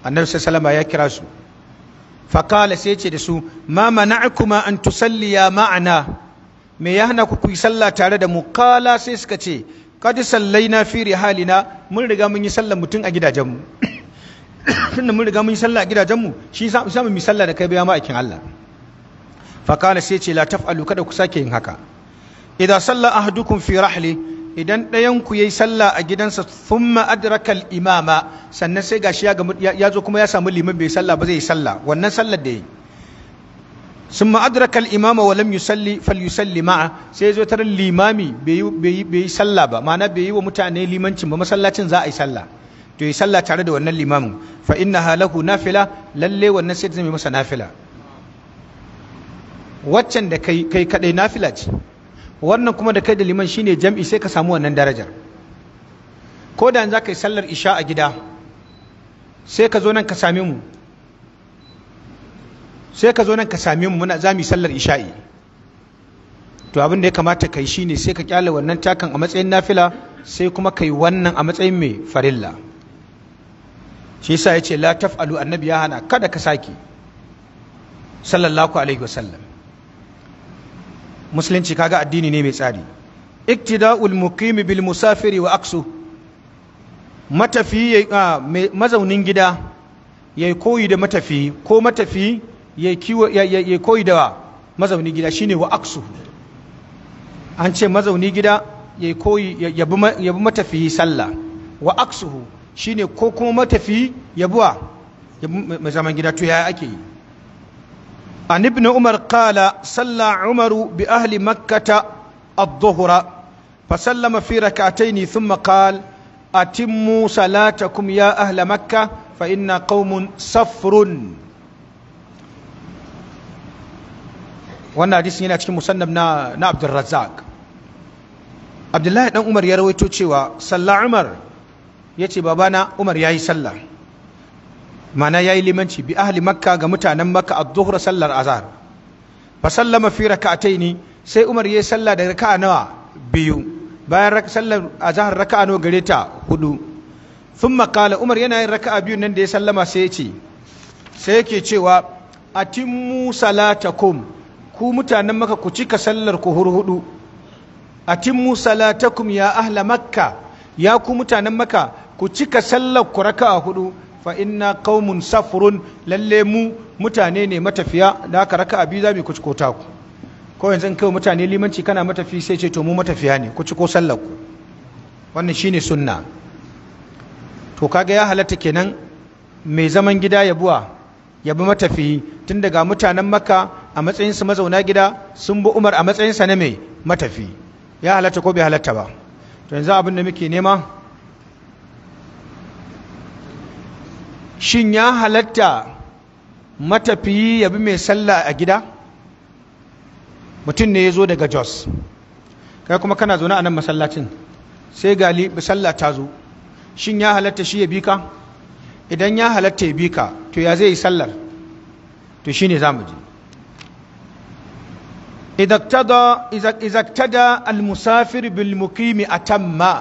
annabi sai salama ya kira su fakala sai ce da su ma kuma an tusalliya ma'ana me ya hana ku yi sallah tare da mu kala sai suka ce sallai sallaina firi halina mun riga mun yi sallah mutum a gidajenmu <coughs> tunda mun riga mun yi sallah a gidajenmu shi sa mu yi sallah da kai ba ma'aikin Allah fakala sai ce la taf'alu kada ku sake yin haka idan salla ahadukum fi rahli idan ɗayanku ya yi sallah a gidansa sun ma'adarakar imama sannan sai gashi ya zo kuma ya samu liman bai sallah ba zai yi sallah wannan sallar da ya yi sun imama walam yusalli fal yusalli ma'a sai ya zo limami bai yi sallah ba ma'ana bai yi wa mutane limancin ba masallacin za a yi sallah to yi sallah tare da wannan limamin fa inna na nafila lalle wannan sai zai masa nafila waccan da kai kai kadai nafila ce wannan kuma da kai da liman shine jam'i sai ka samu wannan darajar ko da za ka yi sallar isha a gida sai ka zo nan ka same mu sai ka zo nan ka same mu muna za mu yi sallar isha'i to abin da ya kamata ka yi shine sai ka kyale wannan takan a matsayin nafila sai kuma ka yi wannan a matsayin mai farilla shi ya ce la taf'alu annabi ya hana kada ka saki sallallahu alaihi wasallam musulunci kaga addini ne mai tsari iktida'ul muqimi bil musafiri wa aksu matafi ah, mazaunin gida ya koyi da matafi ko matafi kiwo ya koyi da mazaunin gida shine wa aksu an ce mazauni gida ya koyi ya bi matafi sallah wa aksuhu shine ko kuma matafi ya buwa zaman gida to yaya ake yi عن ابن عمر قال صلى عمر بأهل مكة الظهر فسلم في ركعتين ثم قال أتموا صلاتكم يا أهل مكة فإن قوم صفر yana cikin musannab na na Abdullahi ɗan Umar ya rawaito cewa sallah Umar yace babana Umar yayi sallah mana ya yi limanci bi ahli makka ga mutanen makka a zuhra sallar azhar fa sallama fi taini sai umar ya yi sallah da raka'a nawa biyu bayan sallar azhar raka'a nawa gare ta hudu sun makala umar yana yin raka'a biyu nan da ya sallama sai ya ce sai yake cewa a salata kum ku mutanen maka ku cika sallar ku hurhudu salata kum ya ahla makka ya ku mutanen maka ku cika sallar ku raka'a hudu fa inna qaumun safrun lalle mu mutane ne matafiya da aka raka abi za mu kuci kota ku ko yanzu kai mutane limanci kana matafi sai ce to mu matafiya ne ko sallar ku wannan shine sunna to kaga ya halatta kenan mai zaman gida ya buwa ya bi matafi tun daga mutanen makka a matsayin su mazauna gida sun bi umar a matsayin sa na mai matafi ya halatta ko bai halatta ba to yanzu abin da muke nema shin ya halatta matafiyi ya bi mai sallah a gida mutum ne ya zo daga jos kai kuma kana zaune a nan masallacin sai gali sallah ta zo shin ya halatta shi ya bi ka idan ya halatta ya bi ka to ya zai yi sallar to shi ne za mu ji izaktada almusafir bilmukimi a tamma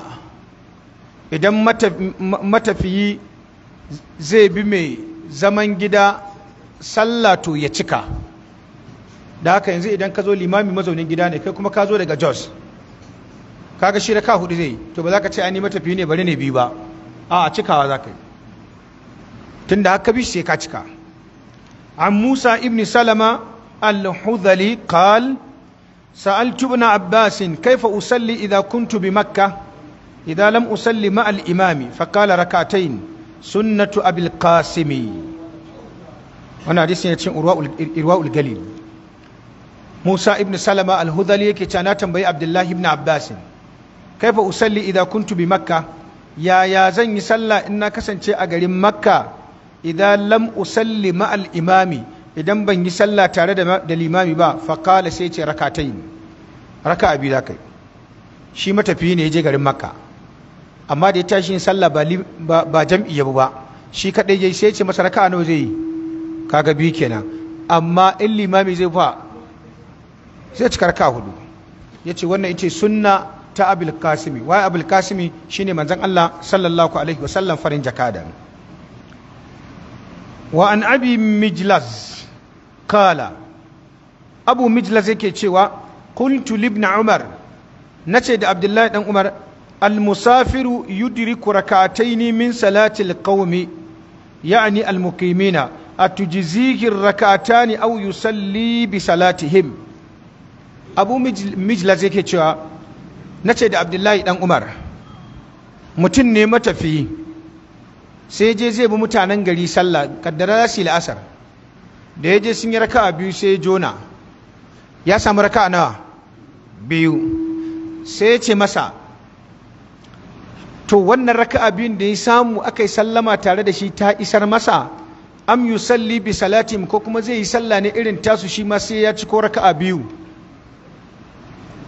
idan matafiyi zai bi mai zaman gida sallah to ya cika da haka yanzu idan ka zo limami mazaunin gida ne kai kuma ka zo daga jos kaga shi ka hudu zai to ba za ka ce an yi matafi ne bari ne biyu ba a cikawa za ka yi tun da haka bi ka cika an musa ibn salama al-hudhali qal sa'altu ibn abbas kaifa usalli idha kuntu bi makkah idha lam usalli ma al-imami fa qala rak'atayn sunnatu abil qasimi wannan hadisi ne cin irwa'ul galil musa ibn salama al-hudhali yake cewa na tambayi abdullahi ibn abbas kaifa usalli idan kuntu bi makka yaya zan yi sallah in na kasance a garin makka idan lam usalli ma'al imami idan ban yi sallah tare da limami ba faƙala sai ce rakatai raka abi za kai shi matafi ne ya je garin makka amma da ya tashi yin sallah ba jam'i yabu ba shi kadai yayi sai ce masa raka'a nawa zai yi kaga biyu kenan amma in limami zai fa sai cika raka'a hudu yace wannan ita sunna ta abul kasimi wai abul kasimi shine manzon Allah sallallahu alaihi wasallam farin jakada wa an abi mijlas kala abu mijlas yake cewa kuntu libna umar nace da abdullahi dan umar المسافر يدرك ركعتين من صلاة القوم يعني المقيمين أتجزيه الركعتان أو يصلي بصلاتهم أبو مجلة زيكي cewa nace da Abdullahi dan Umar mutum ne matafi sai je zai bi mutanen gari sallah kaddara za la'asar da ya je sun yi raka'a biyu sai jona ya samu raka'a nawa biyu sai ce masa to wannan raka'a biyun da ya samu aka yi sallama tare da shi ta isar masa am yusalli bi salatim ko kuma zai yi sallah ne irin tasu shi ma sai ya ci ko raka'a biyu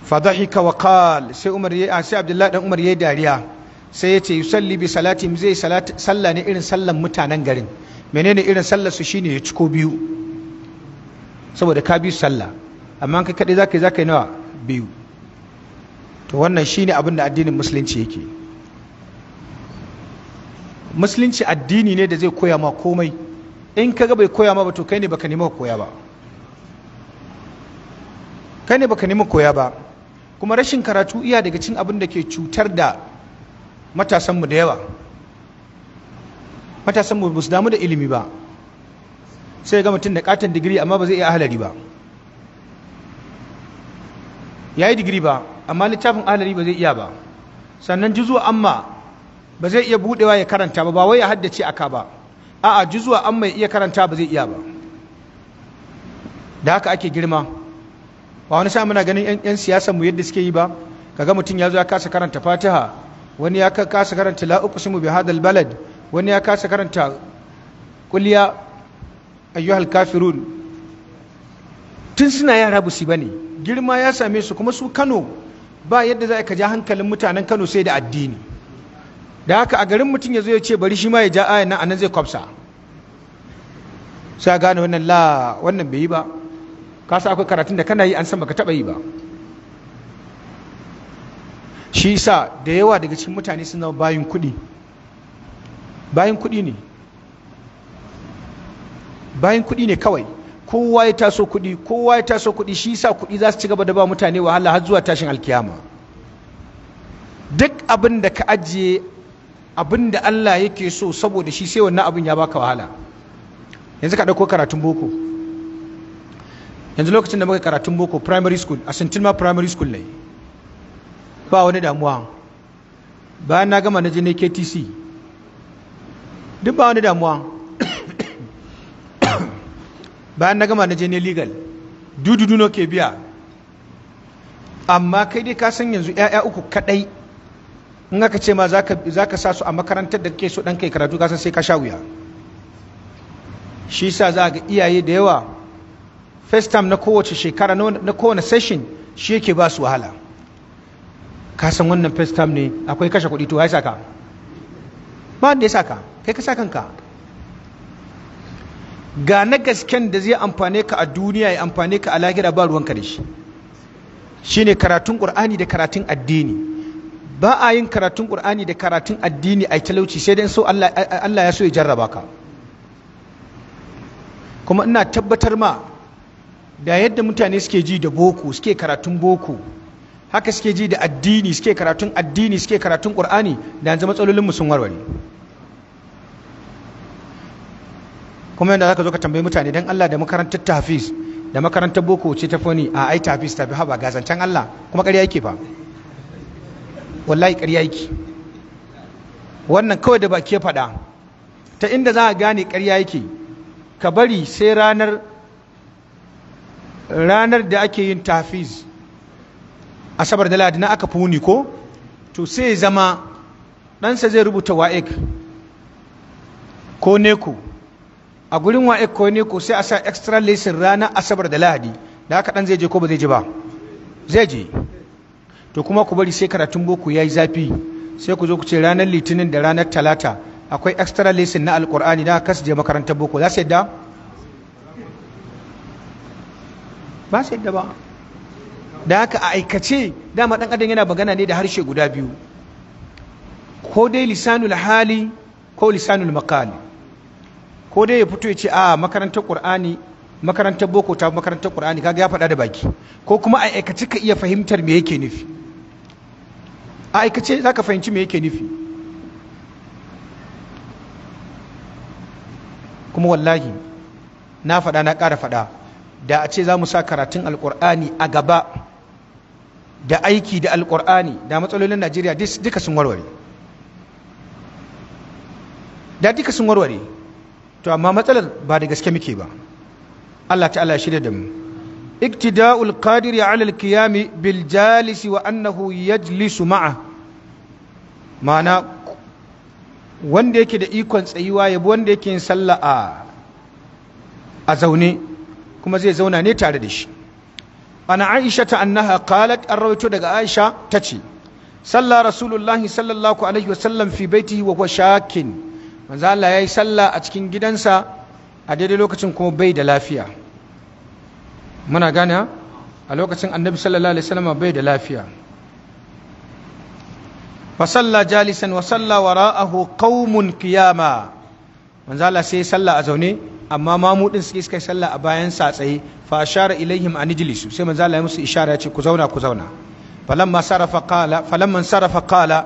fadahika wa qal sai umar ya sai abdullahi dan umar yi dariya sai ya ce yusalli bi salatim zai sallah ne irin sallan mutanen garin menene irin sallar su shine ya ci ko biyu saboda ka biyu sallah amma kai kadai zaka yi zaka yi nawa biyu to wannan shine abin da addinin musulunci yake musulunci addini ne da zai koya ma komai in kaga bai koya ma ba to kai ne baka nemi koya ba kai ne baka nemi koya ba kuma rashin karatu iya daga cin abin da ke cutar da matasanmu da yawa matasanmu ba su damu da ilimi ba sai ga mutum da katon digiri amma ba zai iya ahalari ba ya yi digiri ba amma littafin ahalari ba zai iya ba sannan ji zuwa amma ba zai iya budewa ya karanta ba ba wai ya haddace aka ba a'a juzuwa an mai iya karanta ba zai iya ba da haka ake girma ba wani sa muna ganin yan siyasar mu yadda suke yi ba kaga mutum ya zo ya kasa karanta fatiha wani ya kasa karanta la bi hadal balad wani ya kasa karanta kulliya ayyuhal kafirun tun suna yara ba su bane girma ya same su kuma su Kano ba yadda za ka ja hankalin mutanen Kano sai da addini da haka a garin mutum ya zo ya ce bari shi ma ya ja ayan nan nan zai kwafsa sai gane wannan la wannan bai yi ba ka sa akwai karatun da kana yi an san baka taba yi ba shi sa da yawa daga cikin mutane suna bayin kuɗi bayin kuɗi ne bayin kuɗi ne kawai kowa ya taso kuɗi kowa ya taso kuɗi shi sa kuɗi za su ci gaba da ba mutane wahala har zuwa tashin alkiyama duk abin da ka ajiye abin da Allah yake so saboda shi sai wannan abin ya baka wahala yanzu ka ɗauko karatun boko yanzu lokacin da muka karatun boko primary school a sintilma primary school ne ba wani damuwa bayan na gama na je ne ktc duk ba wani damuwa <coughs> bayan na gama na je ne legal dududu no ke biya amma kai dai ka san yanzu 'ya'ya uku kadai in aka ce ma za ka sa su a makarantar da ke so ɗan kai karatu kasan sai ka sha wuya shi sa za ga iyaye da yawa first time na kowace shekara na kowane session shi yake ba su wahala kasan wannan first time ne akwai kashe kuɗi to haisa ka. ba da ya saka kai ka sa kanka ga na gasken da zai amfane ka a duniya ya amfane ka a lahira ba ruwanka da shi shine karatun ƙur'ani da karatun addini ba a yin karatun ƙur'ani da karatun addini a talauci sai dai so Allah ya so ya jarraba ka kuma ina tabbatar ma da yadda mutane suke ji da boko suke karatun boko haka suke ji da addini suke karatun addini suke karatun ƙur'ani da yanzu matsalolin sun warware kuma yadda za ka zo ka tambayi mutane don Allah da makarantar tafis da makarantar boko ce ta foni a ai tafis tafi haba gazancen Allah kuma ƙarya yake ba wallahi ƙarya yake wannan kawai da baki ya faɗa ta inda za a gane ƙarya yake ka bari sai ranar ranar da ake yin tafiz asabar da ladina aka fi wuni ko to sai ya zama ɗansa zai rubuta wa'ik ko neko a gurin wa'ik ko neko sai a sa extra lesson ranar asabar da lahadi da haka ɗan zai je ko ba zai je ba zai je to kuma ku bari sai karatun boko yayi zafi sai ku zo ku ce ranar litinin da ranar talata akwai extra lesson na alkur'ani na kasu je makarantar boko za su yadda ba su yadda ba da haka a aikace dama dan adam yana magana ne da harshe guda biyu ko dai lisanul hali ko lisanul makali ko dai ya fito ya ce a makarantar qur'ani makarantar boko ta makarantar qur'ani kaga ya faɗa da baki ko kuma a aikace ka iya fahimtar me yake nufi a aikace za ka fahimci me yake nufi kuma wallahi na faɗa na ƙara faɗa da a ce za mu sa karatun alƙur'ani a gaba da aiki da alƙur'ani da matsalolin najeriya duka sun warware da duka sun warware to amma matsalar ba da gaske muke ba allah ta'ala shirya da mu اقتداء القادر على القيام بالجالس وانه يجلس معه معنى wanda yake da ikon tsayuwa yabo wanda yake yin sallah a zaune kuma zai zauna ne tare da shi ana aisha ta annaha qalat an rawaito daga aisha tace sallah rasulullahi sallallahu alaihi wasallam fi baitihi wa huwa shakin manzo Allah yayi sallah a cikin gidansa a daidai lokacin kuma bai da lafiya muna gane a lokacin annabi sallallahu alaihi wasallam bai da lafiya fa salla jalisan wa salla wara'ahu qaumun qiyama sai salla a zaune amma mamudin suke suka salla a bayan sa tsaye fa ashara ilaihim an ijlisu sai manzo ya musu ishara ya ce ku zauna ku zauna falamma sarafa qala falamma sarafa qala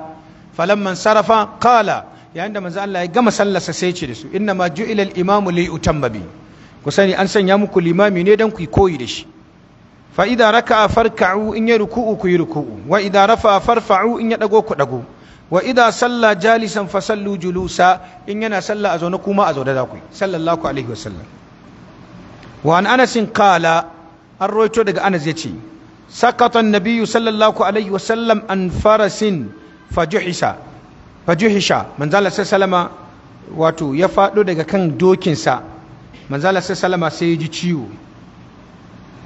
falamma sarafa qala yayin da manzo ya gama sallarsa sai ce da su inna ma ju'ila al-imamu li bi ku sani an sanya muku limami ne don ku koyi da shi fa idza raka'a farka'u in ya ruku'u ku yi ruku'u wa idza rafa'a farfa'u in ya dago ku dago wa idza salla jalisan fa sallu julusa in yana salla a zaune kuma a zaune za ku yi sallallahu alaihi wa sallam. wa an anas qala an roito daga anas yace sakata an-nabiyyu sallallahu alaihi wa sallam an farasin fajuhisha fajuhisha manzala sallama wato ya fado daga kan dokinsa manzala sai salama sai ya ji ciwo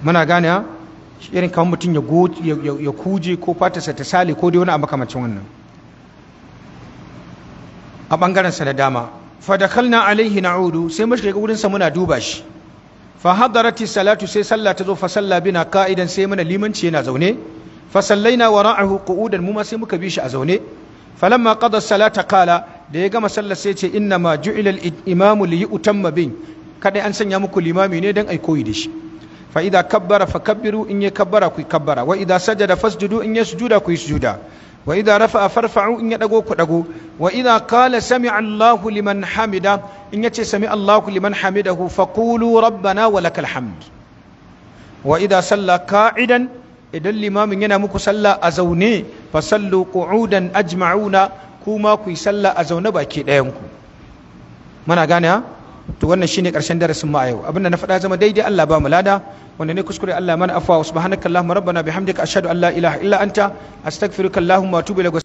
muna gane ha irin kamar mutum ya kuje ko fatarsa ta sale ko dai wani abu makamacin wannan a bangaren sa na dama fadakalna alaihi na'udu sai mu shiga wurin sa muna duba shi fa hadarati salatu sai sallah ta zo fa salla bina ka'idan sai muna limanci yana zaune fa waran wara'ahu qu'udan mu ma sai muka bi shi a zaune falamma qada salata qala da ya gama sallar sai ce inna ma ju'ila al-imamu li yutamma bin kadai an sanya muku limami ne dan ai koyi da shi fa idza kabbara fakabbiru in ya kabbara ku kabbara wa idza sajada fasjudu in ya sujuda ku sujuda wa idza rafa'a farfa'u in ya dago ku dago wa idza qala sami'a Allahu liman hamida in ya ce sami'a Allahu liman hamidahu faqulu rabbana wa lakal hamd wa idza salla qa'idan idan limamin yana muku sallah a zaune fa sallu qu'udan ajma'una kuma ku yi sallah a zaune baki ɗayan ku muna gane ha to wannan shine karshen darasin mu a yau abinda na faɗa zama daidai Allah ba mu lada wanda ne kuskure Allah mana afwa subhanakallahumma rabbana bihamdika ashhadu an la ilaha illa anta astaghfiruka allahumma wa atubu